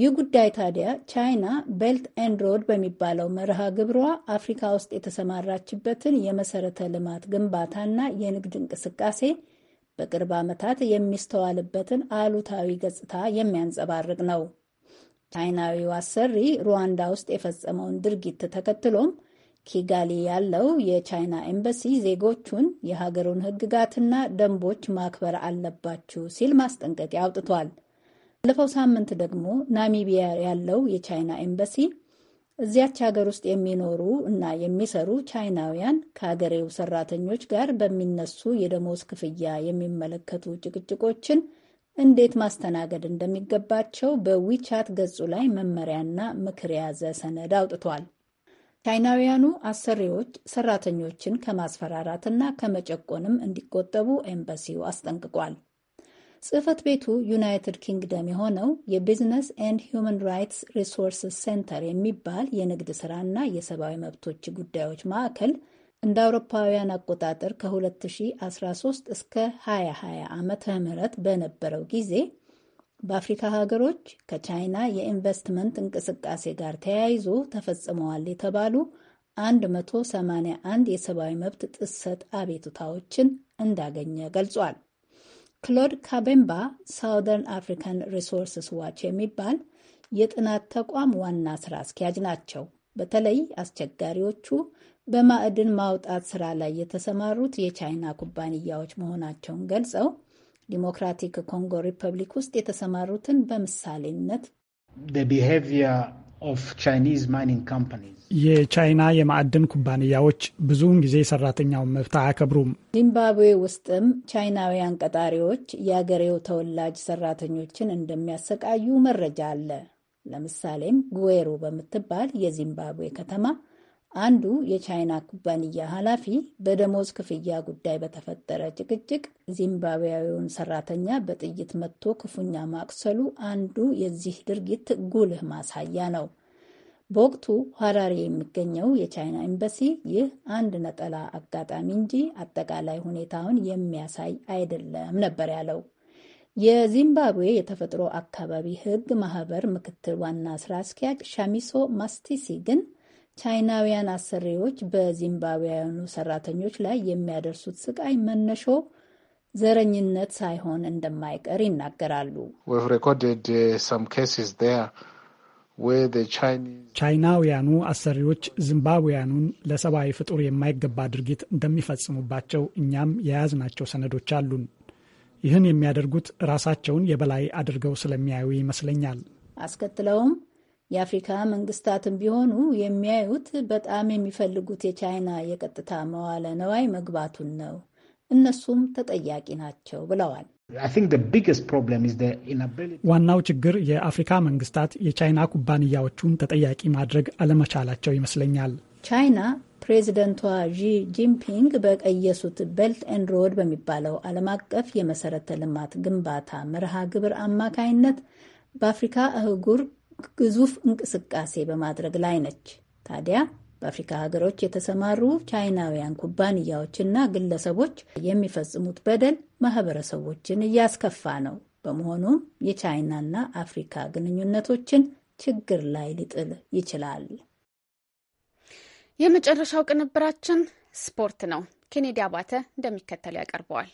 ይህ ጉዳይ ታዲያ ቻይና ቤልት ኤንድ ሮድ በሚባለው መርሃ ግብሯ አፍሪካ ውስጥ የተሰማራችበትን የመሰረተ ልማት ግንባታና የንግድ እንቅስቃሴ በቅርብ ዓመታት የሚስተዋልበትን አሉታዊ ገጽታ የሚያንጸባርቅ ነው። ቻይናዊው አሰሪ ሩዋንዳ ውስጥ የፈጸመውን ድርጊት ተከትሎም ኪጋሊ ያለው የቻይና ኤምባሲ ዜጎቹን የሀገሩን ሕግጋትና ደንቦች ማክበር አለባችሁ ሲል ማስጠንቀቂያ አውጥቷል። ባለፈው ሳምንት ደግሞ ናሚቢያ ያለው የቻይና ኤምባሲ እዚያች ሀገር ውስጥ የሚኖሩ እና የሚሰሩ ቻይናውያን ከሀገሬው ሰራተኞች ጋር በሚነሱ የደሞዝ ክፍያ የሚመለከቱ ጭቅጭቆችን እንዴት ማስተናገድ እንደሚገባቸው በዊቻት ገጹ ላይ መመሪያና ምክር የያዘ ሰነድ አውጥቷል። ቻይናውያኑ አሰሪዎች ሰራተኞችን ከማስፈራራትና ከመጨቆንም እንዲቆጠቡ ኤምባሲው አስጠንቅቋል። ጽህፈት ቤቱ ዩናይትድ ኪንግደም የሆነው የቢዝነስ ኤንድ ሂውማን ራይትስ ሪሶርስስ ሴንተር የሚባል የንግድ ስራና የሰብአዊ መብቶች ጉዳዮች ማዕከል እንደ አውሮፓውያን አቆጣጠር ከ2013 እስከ 2020 ዓመተ ምህረት በነበረው ጊዜ በአፍሪካ ሀገሮች ከቻይና የኢንቨስትመንት እንቅስቃሴ ጋር ተያይዞ ተፈጽመዋል የተባሉ 181 የሰብአዊ መብት ጥሰት አቤቱታዎችን እንዳገኘ ገልጿል። ክሎድ ካቤምባ ሳውዘርን አፍሪካን ሪሶርስስ ዋች የሚባል የጥናት ተቋም ዋና ስራ አስኪያጅ ናቸው። በተለይ አስቸጋሪዎቹ በማዕድን ማውጣት ስራ ላይ የተሰማሩት የቻይና ኩባንያዎች መሆናቸውን ገልጸው ዲሞክራቲክ ኮንጎ ሪፐብሊክ ውስጥ የተሰማሩትን በምሳሌነት የቻይና የማዕድን ኩባንያዎች ብዙውን ጊዜ ሰራተኛውን መብት አያከብሩም። ዚምባብዌ ውስጥም ቻይናውያን ቀጣሪዎች የአገሬው ተወላጅ ሰራተኞችን እንደሚያሰቃዩ መረጃ አለ። ለምሳሌም ጉዌሩ በምትባል የዚምባብዌ ከተማ አንዱ የቻይና ኩባንያ ኃላፊ በደሞዝ ክፍያ ጉዳይ በተፈጠረ ጭቅጭቅ ዚምባብያዊውን ሰራተኛ በጥይት መጥቶ ክፉኛ ማቁሰሉ አንዱ የዚህ ድርጊት ጉልህ ማሳያ ነው። በወቅቱ ሀራሬ የሚገኘው የቻይና ኤምባሲ ይህ አንድ ነጠላ አጋጣሚ እንጂ አጠቃላይ ሁኔታውን የሚያሳይ አይደለም ነበር ያለው። የዚምባብዌ የተፈጥሮ አካባቢ ሕግ ማህበር ምክትል ዋና ስራ አስኪያጅ ሻሚሶ ማስቲሲ ግን ቻይናውያን አሰሪዎች በዚምባብያኑ ሰራተኞች ላይ የሚያደርሱት ስቃይ መነሾ ዘረኝነት ሳይሆን እንደማይቀር ይናገራሉ። uh, ቻይናውያኑ አሰሪዎች ዚምባብያኑን ለሰብአዊ ፍጡር የማይገባ ድርጊት እንደሚፈጽሙባቸው እኛም የያዝናቸው ሰነዶች አሉን። ይህን የሚያደርጉት ራሳቸውን የበላይ አድርገው ስለሚያዩ ይመስለኛል። አስከትለውም የአፍሪካ መንግስታትም ቢሆኑ የሚያዩት በጣም የሚፈልጉት የቻይና የቀጥታ መዋለ ነዋይ መግባቱን ነው። እነሱም ተጠያቂ ናቸው ብለዋል። ዋናው ችግር የአፍሪካ መንግስታት የቻይና ኩባንያዎቹን ተጠያቂ ማድረግ አለመቻላቸው ይመስለኛል። ቻይና ፕሬዚደንቷ ዢ ጂንፒንግ በቀየሱት ቤልት ኤንድ ሮድ በሚባለው ዓለም አቀፍ የመሰረተ ልማት ግንባታ መርሃ ግብር አማካይነት በአፍሪካ አህጉር ግዙፍ እንቅስቃሴ በማድረግ ላይ ነች። ታዲያ በአፍሪካ ሀገሮች የተሰማሩ ቻይናውያን ኩባንያዎችና ግለሰቦች የሚፈጽሙት በደል ማህበረሰቦችን እያስከፋ ነው። በመሆኑም የቻይናና አፍሪካ ግንኙነቶችን ችግር ላይ ሊጥል ይችላል። የመጨረሻው ቅንብራችን ስፖርት ነው። ኬኔዲ አባተ እንደሚከተለው ያቀርበዋል።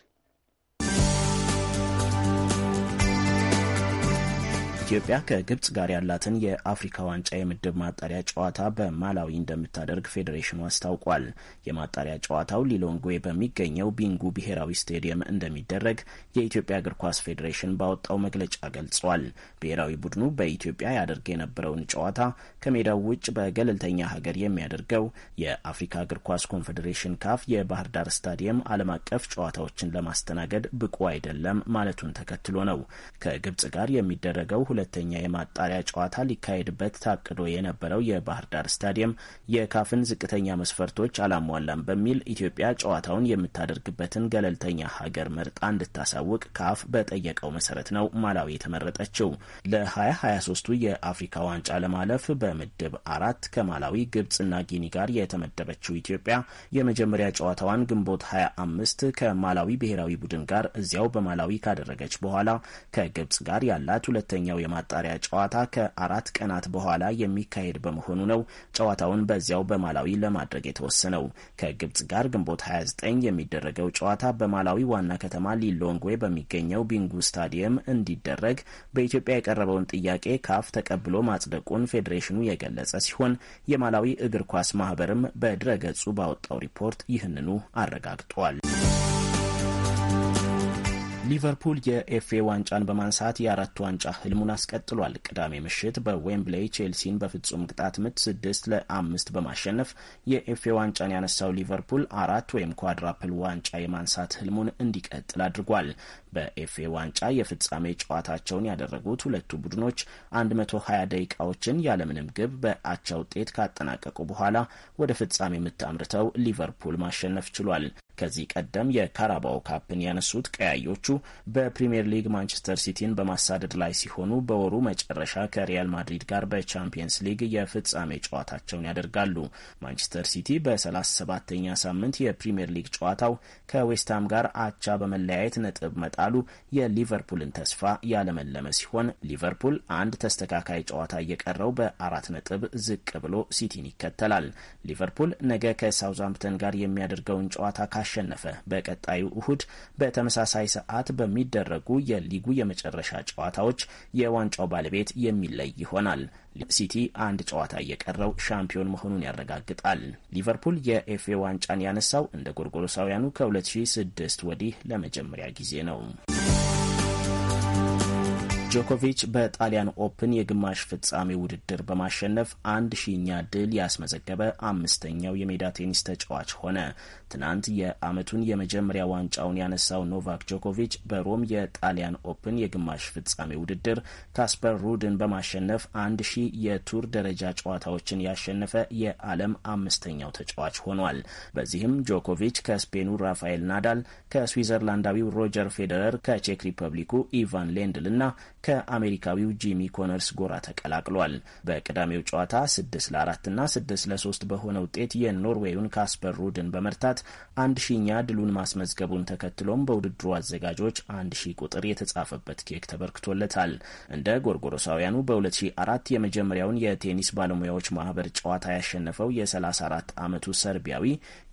ኢትዮጵያ ከግብጽ ጋር ያላትን የአፍሪካ ዋንጫ የምድብ ማጣሪያ ጨዋታ በማላዊ እንደምታደርግ ፌዴሬሽኑ አስታውቋል። የማጣሪያ ጨዋታው ሊሎንግዌ በሚገኘው ቢንጉ ብሔራዊ ስቴዲየም እንደሚደረግ የኢትዮጵያ እግር ኳስ ፌዴሬሽን ባወጣው መግለጫ ገልጿል። ብሔራዊ ቡድኑ በኢትዮጵያ ያደርግ የነበረውን ጨዋታ ከሜዳው ውጭ በገለልተኛ ሀገር የሚያደርገው የአፍሪካ እግር ኳስ ኮንፌዴሬሽን ካፍ የባህር ዳር ስታዲየም ዓለም አቀፍ ጨዋታዎችን ለማስተናገድ ብቁ አይደለም ማለቱን ተከትሎ ነው። ከግብጽ ጋር የሚደረገው ሁለተኛ የማጣሪያ ጨዋታ ሊካሄድበት ታቅዶ የነበረው የባህር ዳር ስታዲየም የካፍን ዝቅተኛ መስፈርቶች አላሟላም በሚል ኢትዮጵያ ጨዋታውን የምታደርግበትን ገለልተኛ ሀገር መርጣ እንድታሳውቅ ካፍ በጠየቀው መሰረት ነው ማላዊ የተመረጠችው። ለ2023ቱ የአፍሪካ ዋንጫ ለማለፍ በ በምድብ አራት ከማላዊ ግብጽና ጊኒ ጋር የተመደበችው ኢትዮጵያ የመጀመሪያ ጨዋታዋን ግንቦት 25 ከማላዊ ብሔራዊ ቡድን ጋር እዚያው በማላዊ ካደረገች በኋላ ከግብጽ ጋር ያላት ሁለተኛው የማጣሪያ ጨዋታ ከአራት ቀናት በኋላ የሚካሄድ በመሆኑ ነው ጨዋታውን በዚያው በማላዊ ለማድረግ የተወሰነው። ከግብጽ ጋር ግንቦት 29 የሚደረገው ጨዋታ በማላዊ ዋና ከተማ ሊሎንግዌ በሚገኘው ቢንጉ ስታዲየም እንዲደረግ በኢትዮጵያ የቀረበውን ጥያቄ ካፍ ተቀብሎ ማጽደቁን ፌዴሬሽኑ መሆኑ የገለጸ ሲሆን የማላዊ እግር ኳስ ማህበርም በድረገጹ ባወጣው ሪፖርት ይህንኑ አረጋግጧል። ሊቨርፑል የኤፍኤ ዋንጫን በማንሳት የአራት ዋንጫ ህልሙን አስቀጥሏል። ቅዳሜ ምሽት በዌምብሌይ ቼልሲን በፍጹም ቅጣት ምት ስድስት ለአምስት በማሸነፍ የኤፍኤ ዋንጫን ያነሳው ሊቨርፑል አራት ወይም ኳድራፕል ዋንጫ የማንሳት ህልሙን እንዲቀጥል አድርጓል። በኤፍኤ ዋንጫ የፍጻሜ ጨዋታቸውን ያደረጉት ሁለቱ ቡድኖች 120 ደቂቃዎችን ያለምንም ግብ በአቻ ውጤት ካጠናቀቁ በኋላ ወደ ፍጻሜ ምት አምርተው ሊቨርፑል ማሸነፍ ችሏል። ከዚህ ቀደም የካራባኦ ካፕን ያነሱት ቀያዮቹ በፕሪምየር ሊግ ማንቸስተር ሲቲን በማሳደድ ላይ ሲሆኑ በወሩ መጨረሻ ከሪያል ማድሪድ ጋር በቻምፒየንስ ሊግ የፍጻሜ ጨዋታቸውን ያደርጋሉ። ማንቸስተር ሲቲ በ37ኛ ሳምንት የፕሪምየር ሊግ ጨዋታው ከዌስትሃም ጋር አቻ በመለያየት ነጥብ መጣሉ የሊቨርፑልን ተስፋ ያለመለመ ሲሆን ሊቨርፑል አንድ ተስተካካይ ጨዋታ እየቀረው በአራት ነጥብ ዝቅ ብሎ ሲቲን ይከተላል። ሊቨርፑል ነገ ከሳውዝሃምፕተን ጋር የሚያደርገውን ጨዋታ ካ አሸነፈ። በቀጣዩ እሁድ በተመሳሳይ ሰዓት በሚደረጉ የሊጉ የመጨረሻ ጨዋታዎች የዋንጫው ባለቤት የሚለይ ይሆናል። ሲቲ አንድ ጨዋታ እየቀረው ሻምፒዮን መሆኑን ያረጋግጣል። ሊቨርፑል የኤፍኤ ዋንጫን ያነሳው እንደ ጎርጎሮሳውያኑ ከ2006 ወዲህ ለመጀመሪያ ጊዜ ነው። ጆኮቪች በጣሊያን ኦፕን የግማሽ ፍጻሜ ውድድር በማሸነፍ አንድ ሺኛ ድል ያስመዘገበ አምስተኛው የሜዳ ቴኒስ ተጫዋች ሆነ። ትናንት የዓመቱን የመጀመሪያ ዋንጫውን ያነሳው ኖቫክ ጆኮቪች በሮም የጣሊያን ኦፕን የግማሽ ፍጻሜ ውድድር ካስፐር ሩድን በማሸነፍ አንድ ሺ የቱር ደረጃ ጨዋታዎችን ያሸነፈ የዓለም አምስተኛው ተጫዋች ሆኗል። በዚህም ጆኮቪች ከስፔኑ ራፋኤል ናዳል፣ ከስዊዘርላንዳዊው ሮጀር ፌዴረር፣ ከቼክ ሪፐብሊኩ ኢቫን ሌንድል እና ከአሜሪካዊው ጂሚ ኮነርስ ጎራ ተቀላቅሏል። በቅዳሜው ጨዋታ ስድስት ለአራት እና ለ ለሶስት በሆነ ውጤት የኖርዌዩን ካስፐር ሩድን በመርታት አንድ ሺኛ ድሉን ማስመዝገቡን ተከትሎም በውድድሩ አዘጋጆች አንድ ሺህ ቁጥር የተጻፈበት ኬክ ተበርክቶለታል። እንደ ጎርጎሮሳውያኑ በ2004 የመጀመሪያውን የቴኒስ ባለሙያዎች ማህበር ጨዋታ ያሸነፈው የ34 ዓመቱ ሰርቢያዊ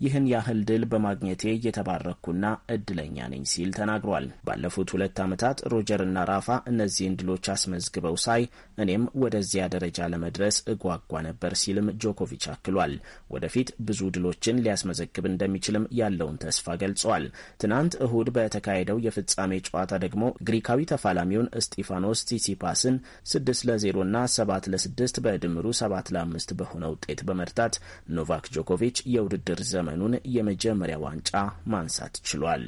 ይህን ያህል ድል በማግኘቴ እየተባረኩና እድለኛ ነኝ ሲል ተናግሯል። ባለፉት ሁለት ዓመታት ሮጀር ና ራፋ እነዚህ እነዚህን ድሎች አስመዝግበው ሳይ እኔም ወደዚያ ደረጃ ለመድረስ እጓጓ ነበር ሲልም ጆኮቪች አክሏል። ወደፊት ብዙ ድሎችን ሊያስመዘግብ እንደሚችልም ያለውን ተስፋ ገልጿል። ትናንት እሁድ በተካሄደው የፍጻሜ ጨዋታ ደግሞ ግሪካዊ ተፋላሚውን እስጢፋኖስ ቲሲፓስን 6 ለ0 እና 7 ለ6 በድምሩ 7 ለ5 በሆነ ውጤት በመርታት ኖቫክ ጆኮቪች የውድድር ዘመኑን የመጀመሪያ ዋንጫ ማንሳት ችሏል።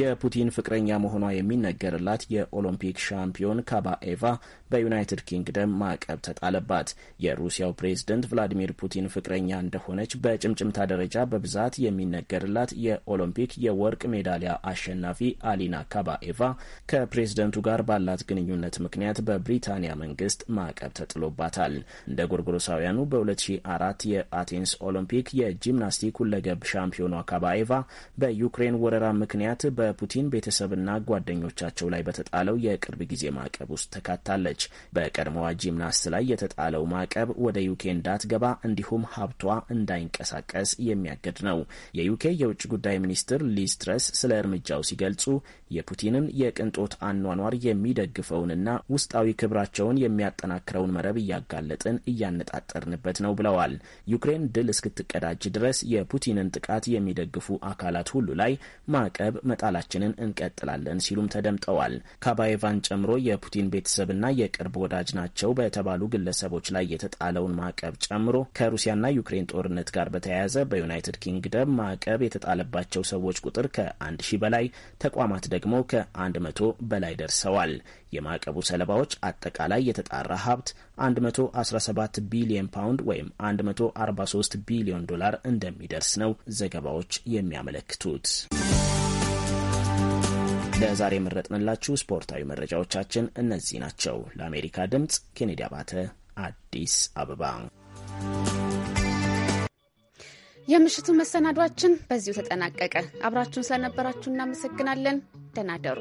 የፑቲን ፍቅረኛ መሆኗ የሚነገርላት የኦሎምፒክ ሻምፒዮን ካባኤቫ በዩናይትድ ኪንግደም ማዕቀብ ተጣለባት። የሩሲያው ፕሬዝደንት ቭላዲሚር ፑቲን ፍቅረኛ እንደሆነች በጭምጭምታ ደረጃ በብዛት የሚነገርላት የኦሎምፒክ የወርቅ ሜዳሊያ አሸናፊ አሊና ካባኤቫ ከፕሬዝደንቱ ጋር ባላት ግንኙነት ምክንያት በብሪታንያ መንግስት ማዕቀብ ተጥሎባታል። እንደ ጎርጎሮሳውያኑ በ2004 የአቴንስ ኦሎምፒክ የጂምናስቲክ ሁለገብ ሻምፒዮኗ ካባኤቫ በዩክሬን ወረራ ምክንያት በ በፑቲን ቤተሰብና ጓደኞቻቸው ላይ በተጣለው የቅርብ ጊዜ ማዕቀብ ውስጥ ተካታለች። በቀድሞዋ ጂምናስት ላይ የተጣለው ማዕቀብ ወደ ዩኬ እንዳትገባ እንዲሁም ሀብቷ እንዳይንቀሳቀስ የሚያገድ ነው። የዩኬ የውጭ ጉዳይ ሚኒስትር ሊስትረስ ስለ እርምጃው ሲገልጹ የፑቲንን የቅንጦት አኗኗር የሚደግፈውንና ውስጣዊ ክብራቸውን የሚያጠናክረውን መረብ እያጋለጥን እያነጣጠርንበት ነው ብለዋል። ዩክሬን ድል እስክትቀዳጅ ድረስ የፑቲንን ጥቃት የሚደግፉ አካላት ሁሉ ላይ ማዕቀብ መጣል ቃላችንን እንቀጥላለን ሲሉም ተደምጠዋል። ካባኤቫን ጨምሮ የፑቲን ቤተሰብና የቅርብ ወዳጅ ናቸው በተባሉ ግለሰቦች ላይ የተጣለውን ማዕቀብ ጨምሮ ከሩሲያና ዩክሬን ጦርነት ጋር በተያያዘ በዩናይትድ ኪንግደም ማዕቀብ የተጣለባቸው ሰዎች ቁጥር ከ ሺህ በላይ ተቋማት ደግሞ ከ100 በላይ ደርሰዋል። የማዕቀቡ ሰለባዎች አጠቃላይ የተጣራ ሀብት 117 ቢሊዮን ፓውንድ ወይም 143 ቢሊዮን ዶላር እንደሚደርስ ነው ዘገባዎች የሚያመለክቱት። ለዛሬ የመረጥንላችሁ ስፖርታዊ መረጃዎቻችን እነዚህ ናቸው። ለአሜሪካ ድምፅ ኬኔዲ አባተ አዲስ አበባ። የምሽቱ መሰናዷችን በዚሁ ተጠናቀቀ። አብራችሁን ስለነበራችሁ እናመሰግናለን። ደህና ደሩ።